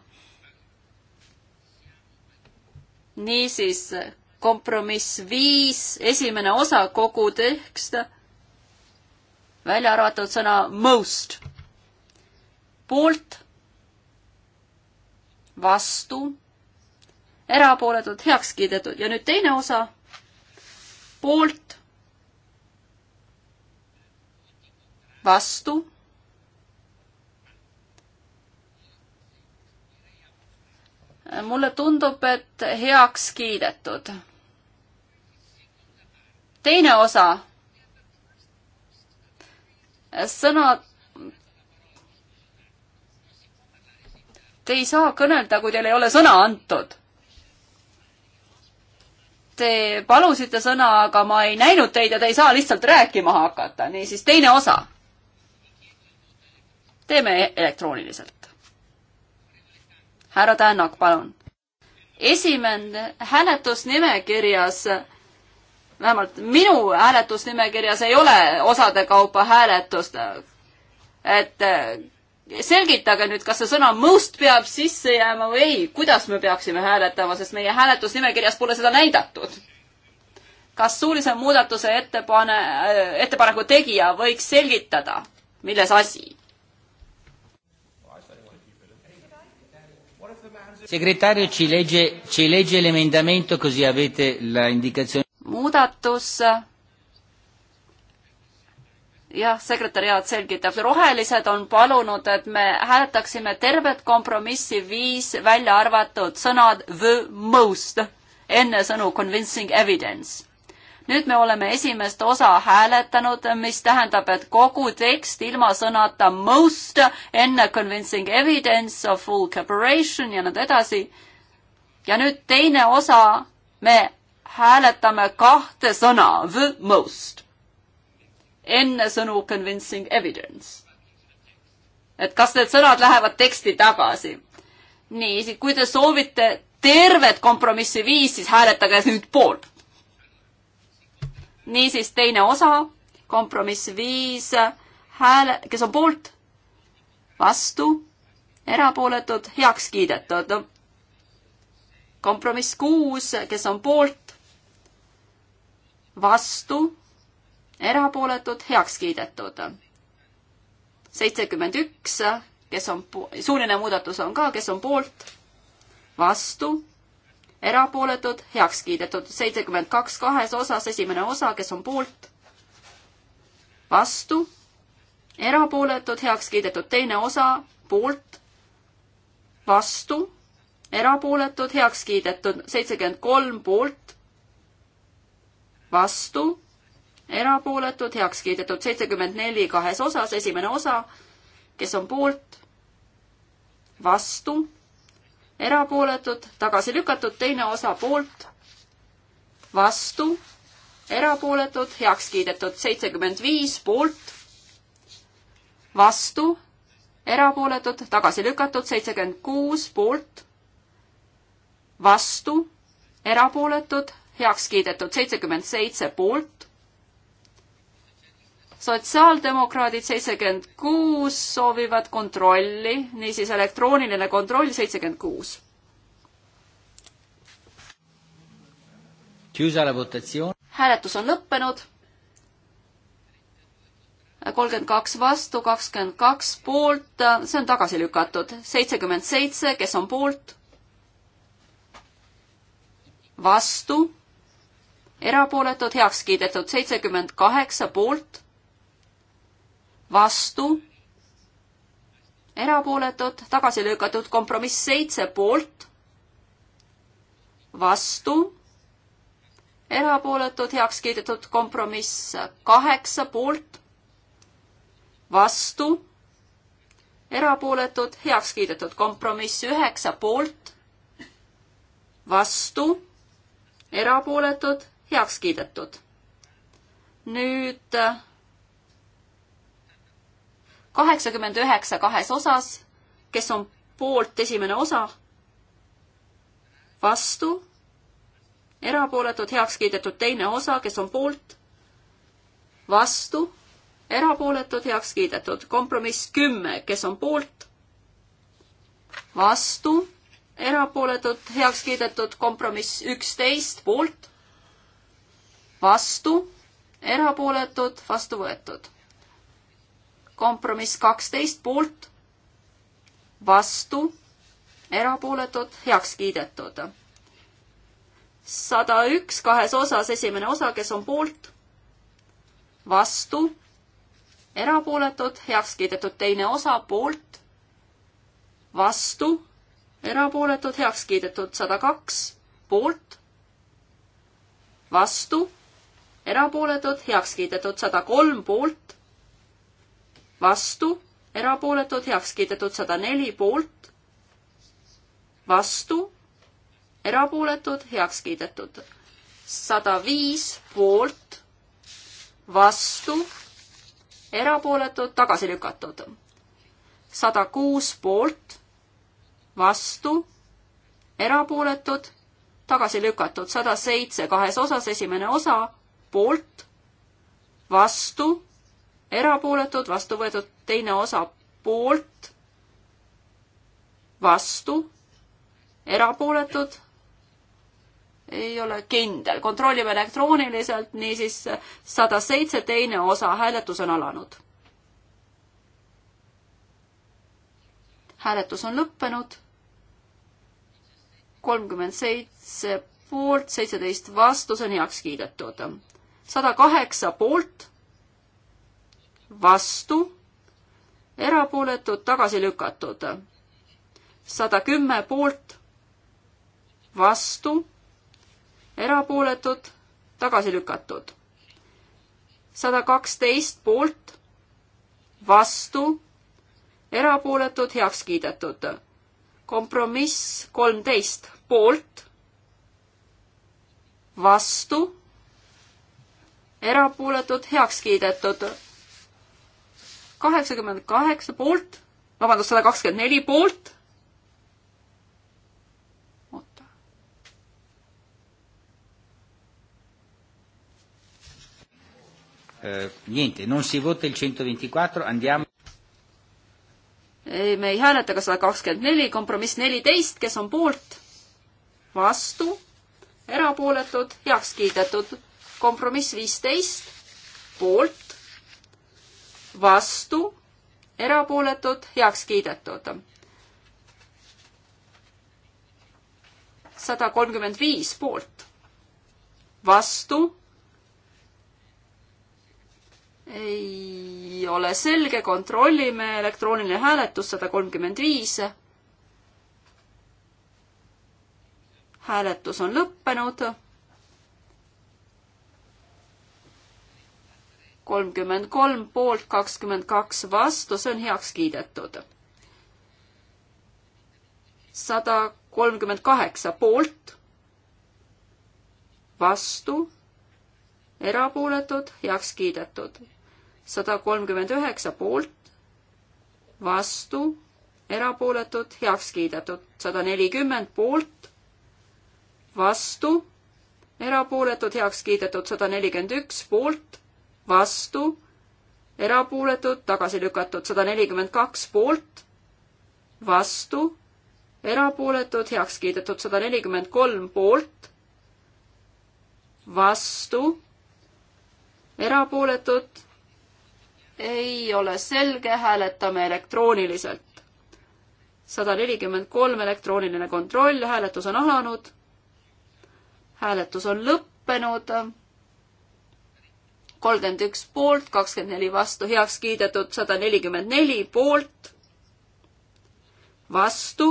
niisiis, kompromiss viis, esimene osa, kogu tekst, välja arvatud sõna most. poolt, vastu, erapooletult heaks kiidetud ja nüüd teine osa, poolt vastu. mulle tundub, et heaks kiidetud. teine osa. sõnad Te ei saa kõnelda, kui teile ei ole sõna antud. Te palusite sõna, aga ma ei näinud teid ja te ei saa lihtsalt rääkima hakata. niisiis, teine osa teeme e-, elektrooniliselt. härra Tänak, palun. esimene hääletusnimekirjas, vähemalt minu hääletusnimekirjas ei ole osade kaupa hääletust. et eh, selgitage nüüd, kas see sõna most peab sisse jääma või ei, kuidas me peaksime hääletama, sest meie hääletusnimekirjas pole seda näidatud kas suulise muudatuse ettepane, ettepaneku tegija võiks selgitada, milles asi? segretario ci legge, ci legge l'emendamento così avete la indicazione. muudatus. jah, sekretäriaat selgitab, rohelised on palunud, et me hääletaksime tervet kompromissi viis välja arvatud sõnad the most enne sõnu convincing evidence nüüd me oleme esimest osa hääletanud, mis tähendab, et kogu tekst ilma sõnata most enne convincing evidence of full cooperation ja nõnda edasi. ja nüüd teine osa, me hääletame kahte sõna the most enne sõnu convincing evidence. et kas need sõnad lähevad teksti tagasi? nii, kui te soovite tervet kompromissi viis, siis hääletage nüüd poolt niisiis teine osa, kompromiss viis, hääle, kes on poolt, vastu, erapooletud, heaks kiidetud. kompromiss kuus, kes on poolt, vastu, erapooletud, heaks kiidetud. seitsekümmend üks, kes on, suuline muudatus on ka, kes on poolt, vastu erapooletud, heaks kiidetud. seitsekümmend kaks kahes osas, esimene osa, kes on poolt, vastu, erapooletud, heaks kiidetud. teine osa, poolt, vastu, erapooletud, heaks kiidetud. seitsekümmend kolm poolt, vastu, erapooletud, heaks kiidetud. seitsekümmend neli kahes osas, esimene osa, kes on poolt, vastu erapooletud, tagasi lükatud, teine osa poolt, vastu, erapooletud, heaks kiidetud, seitsekümmend viis poolt, vastu, erapooletud, tagasi lükatud, seitsekümmend kuus poolt, vastu, erapooletud, heaks kiidetud, seitsekümmend seitse poolt, sotsiaaldemokraadid seitsekümmend kuus soovivad kontrolli, niisiis elektrooniline kontroll seitsekümmend kuus. hääletus on lõppenud. kolmkümmend kaks vastu, kakskümmend kaks poolt, see on tagasi lükatud. seitsekümmend seitse, kes on poolt? vastu, erapooletud, heaks kiidetud, seitsekümmend kaheksa poolt vastu, erapooletud, tagasi lükatud, kompromiss seitse poolt, vastu, erapooletud, heaks kiidetud, kompromiss kaheksa poolt, vastu, erapooletud, heaks kiidetud, kompromiss üheksa poolt, vastu, erapooletud, heaks kiidetud. nüüd kaheksakümmend üheksa kahes osas, kes on poolt esimene osa, vastu, erapooletud, heaks kiidetud teine osa, kes on poolt, vastu, erapooletud, heaks kiidetud. kompromiss kümme, kes on poolt, vastu, erapooletud, heaks kiidetud. kompromiss üksteist, poolt, vastu, erapooletud, vastu võetud kompromiss kaksteist poolt, vastu, erapooletud, heaks kiidetud. sada üks kahes osas, esimene osa, kes on poolt, vastu, erapooletud, heaks kiidetud, teine osa poolt, vastu, erapooletud, heaks kiidetud, sada kaks poolt, vastu, erapooletud, heaks kiidetud, sada kolm poolt vastu, erapooletud, heaks kiidetud sada neli poolt, vastu, erapooletud, heaks kiidetud sada viis poolt, vastu, erapooletud, tagasi lükatud. sada kuus poolt, vastu, erapooletud, tagasi lükatud, sada seitse kahes osas, esimene osa, poolt, vastu, erapooletud, vastu võetud, teine osa poolt, vastu, erapooletud, ei ole kindel, kontrollime elektrooniliselt, niisiis sada seitse teine osa, hääletus on alanud. hääletus on lõppenud, kolmkümmend seitse poolt, seitseteist vastu, see on heaks kiidetud. sada kaheksa poolt vastu, erapooletud, tagasi lükatud. sada kümme poolt, vastu, erapooletud, tagasi lükatud. sada kaksteist poolt, vastu, erapooletud, heaks kiidetud. kompromiss kolmteist poolt, vastu, erapooletud, heaks kiidetud kaheksakümmend kaheksa poolt, vabandust, sada kakskümmend neli poolt. oota. Eh, niente, non si vota il centoventiquattro, andiamo. ei, me ei hääleta ka sada kakskümmend neli, kompromiss neliteist, kes on poolt, vastu, erapooletud, heaks kiidetud. kompromiss viisteist, poolt, vastu, erapooletud, heaks kiidetud. sada kolmkümmend viis poolt, vastu. ei ole selge, kontrollime, elektrooniline hääletus sada kolmkümmend viis. hääletus on lõppenud kolmkümmend kolm poolt, kakskümmend kaks vastu, see on heaks kiidetud. sada kolmkümmend kaheksa poolt, vastu, erapooletud, heaks kiidetud. sada kolmkümmend üheksa poolt, vastu, erapooletud, heaks kiidetud. sada nelikümmend poolt, vastu, erapooletud, heaks kiidetud. sada nelikümmend üks poolt vastu, erapooletud, tagasi lükatud sada nelikümmend kaks poolt, vastu, erapooletud, heaks kiidetud sada nelikümmend kolm poolt, vastu, erapooletud, ei ole selge, hääletame elektrooniliselt. sada nelikümmend kolm elektrooniline kontroll, hääletus on alanud, hääletus on lõppenud kolmkümmend üks poolt, kakskümmend neli vastu, heaks kiidetud sada nelikümmend neli poolt, vastu,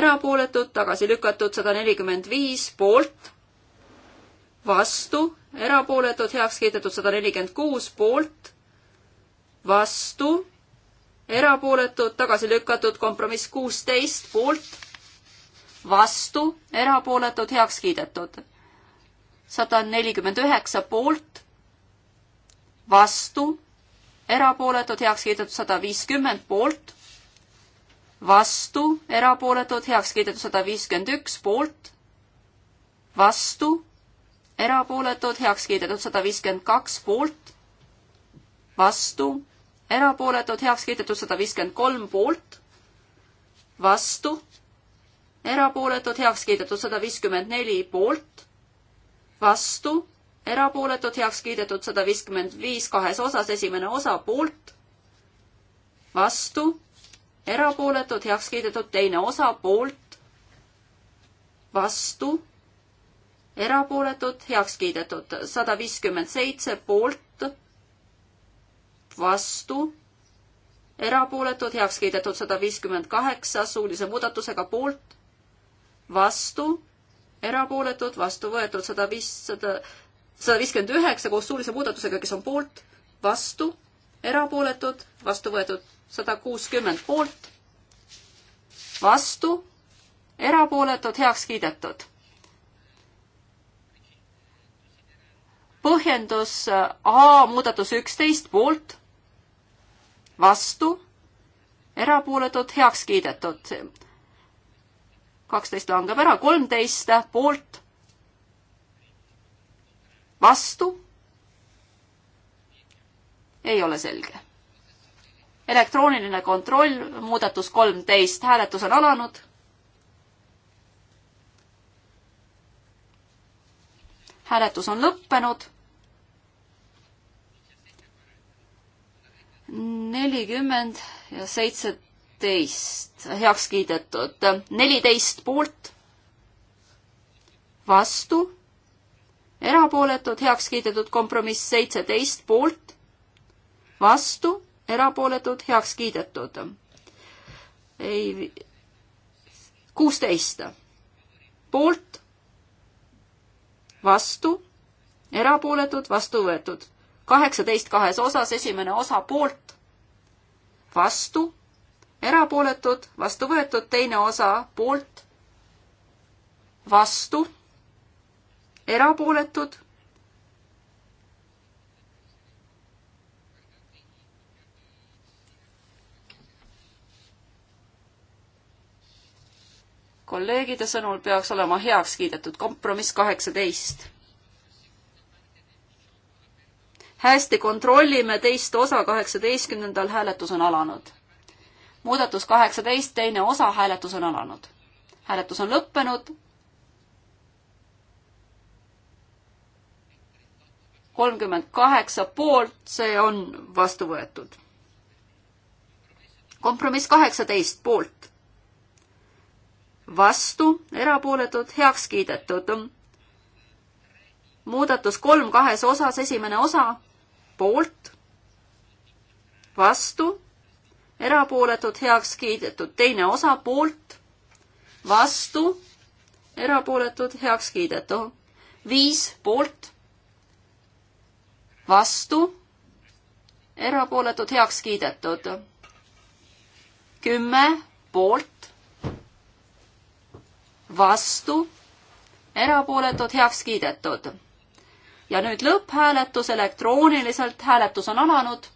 erapooletud, tagasi lükatud sada nelikümmend viis poolt, vastu, erapooletud, heaks kiidetud sada nelikümmend kuus poolt, vastu, erapooletud, tagasi lükatud, kompromiss kuusteist poolt, vastu, erapooletud, heaks kiidetud. sada nelikümmend üheksa poolt, vastu, erapooletud, heaks kiidetud sada viiskümmend poolt, vastu, erapooletud, heaks kiidetud sada viiskümmend üks poolt, vastu, erapooletud, heaks kiidetud sada viiskümmend kaks poolt, vastu, erapooletud, heaks kiidetud sada viiskümmend kolm poolt, vastu, erapooletud, heaks kiidetud sada viiskümmend neli poolt, vastu erapooletud, heaks kiidetud sada viiskümmend viis kahes osas, esimene osa poolt, vastu, erapooletud, heaks kiidetud teine osa poolt, vastu, erapooletud, heaks kiidetud sada viiskümmend seitse poolt, vastu, erapooletud, heaks kiidetud sada viiskümmend kaheksa suulise muudatusega poolt, vastu erapooletud, vastu võetud sada viissada, sada viiskümmend üheksa koos suulise muudatusega, kes on poolt, vastu, erapooletud, vastu võetud sada kuuskümmend poolt, vastu, erapooletud, heaks kiidetud. põhjendus A muudatus üksteist poolt, vastu, erapooletud, heaks kiidetud. kaksteist langeb ära, kolmteist poolt vastu? ei ole selge. elektrooniline kontroll, muudatus kolmteist, hääletus on alanud. hääletus on lõppenud nelikümmend ja seitseteist heaks kiidetud, neliteist poolt, vastu, erapooletud, heaks kiidetud kompromiss seitseteist poolt, vastu, erapooletud, heaks kiidetud. ei, kuusteist poolt, vastu, erapooletud, vastu võetud. kaheksateist kahes osas, esimene osa poolt, vastu, erapooletud, vastu võetud, teine osa poolt, vastu erapooletud. kolleegide sõnul peaks olema heaks kiidetud kompromiss kaheksateist. hästi, kontrollime teist osa, kaheksateistkümnendal hääletus on alanud. muudatus kaheksateist, teine osa, hääletus on alanud. hääletus on lõppenud kolmkümmend kaheksa poolt, see on vastu võetud. kompromiss kaheksateist poolt, vastu, erapooletud, heaks kiidetud. muudatus kolm kahes osas, esimene osa poolt, vastu, erapooletud, heaks kiidetud, teine osa poolt, vastu, erapooletud, heaks kiidetud, viis poolt vastu, erapooletud heaks kiidetud. kümme poolt, vastu, erapooletud heaks kiidetud. ja nüüd lõpphääletus elektrooniliselt, hääletus on alanud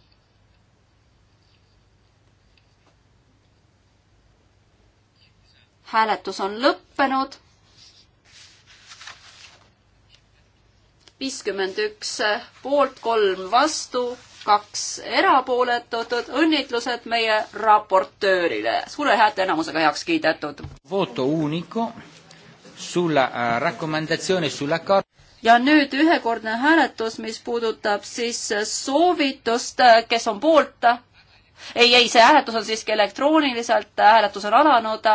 hääletus on lõppenud viiskümmend üks poolt, kolm vastu, kaks erapooletut, õnnitlused meie raportöörile, suure häälteenamusega heaks kiidetud. Voto unico sulla eh, raccomandazione sulla car-. ja nüüd ühekordne hääletus, mis puudutab siis soovitust, kes on poolt. ei, ei, see hääletus on siiski elektrooniliselt, hääletus on alanud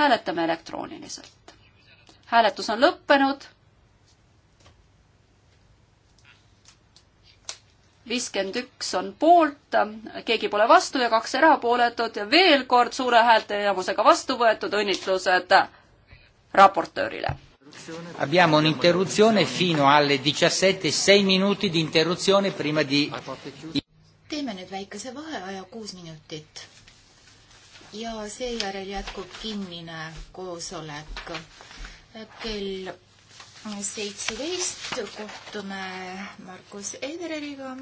hääletame elektrooniliselt. hääletus on lõppenud. viiskümmend üks on poolt, keegi pole vastu ja kaks erapooletut ja veel kord suure häälteenamusega vastu võetud, õnnitlused raportöörile. Abbiamo un'interruzione fino alle diciassette, e sei minuti di interruzione prima di teeme nüüd väikese vaheaja kuus minutit ja seejärel jätkub kinnine koosolek kell seitseteist kohtume Markus Edereriga.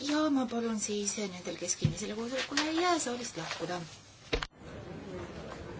ja ma palun siis nendel, kes kinnisele koosolekule ei jää, saalist lahkuda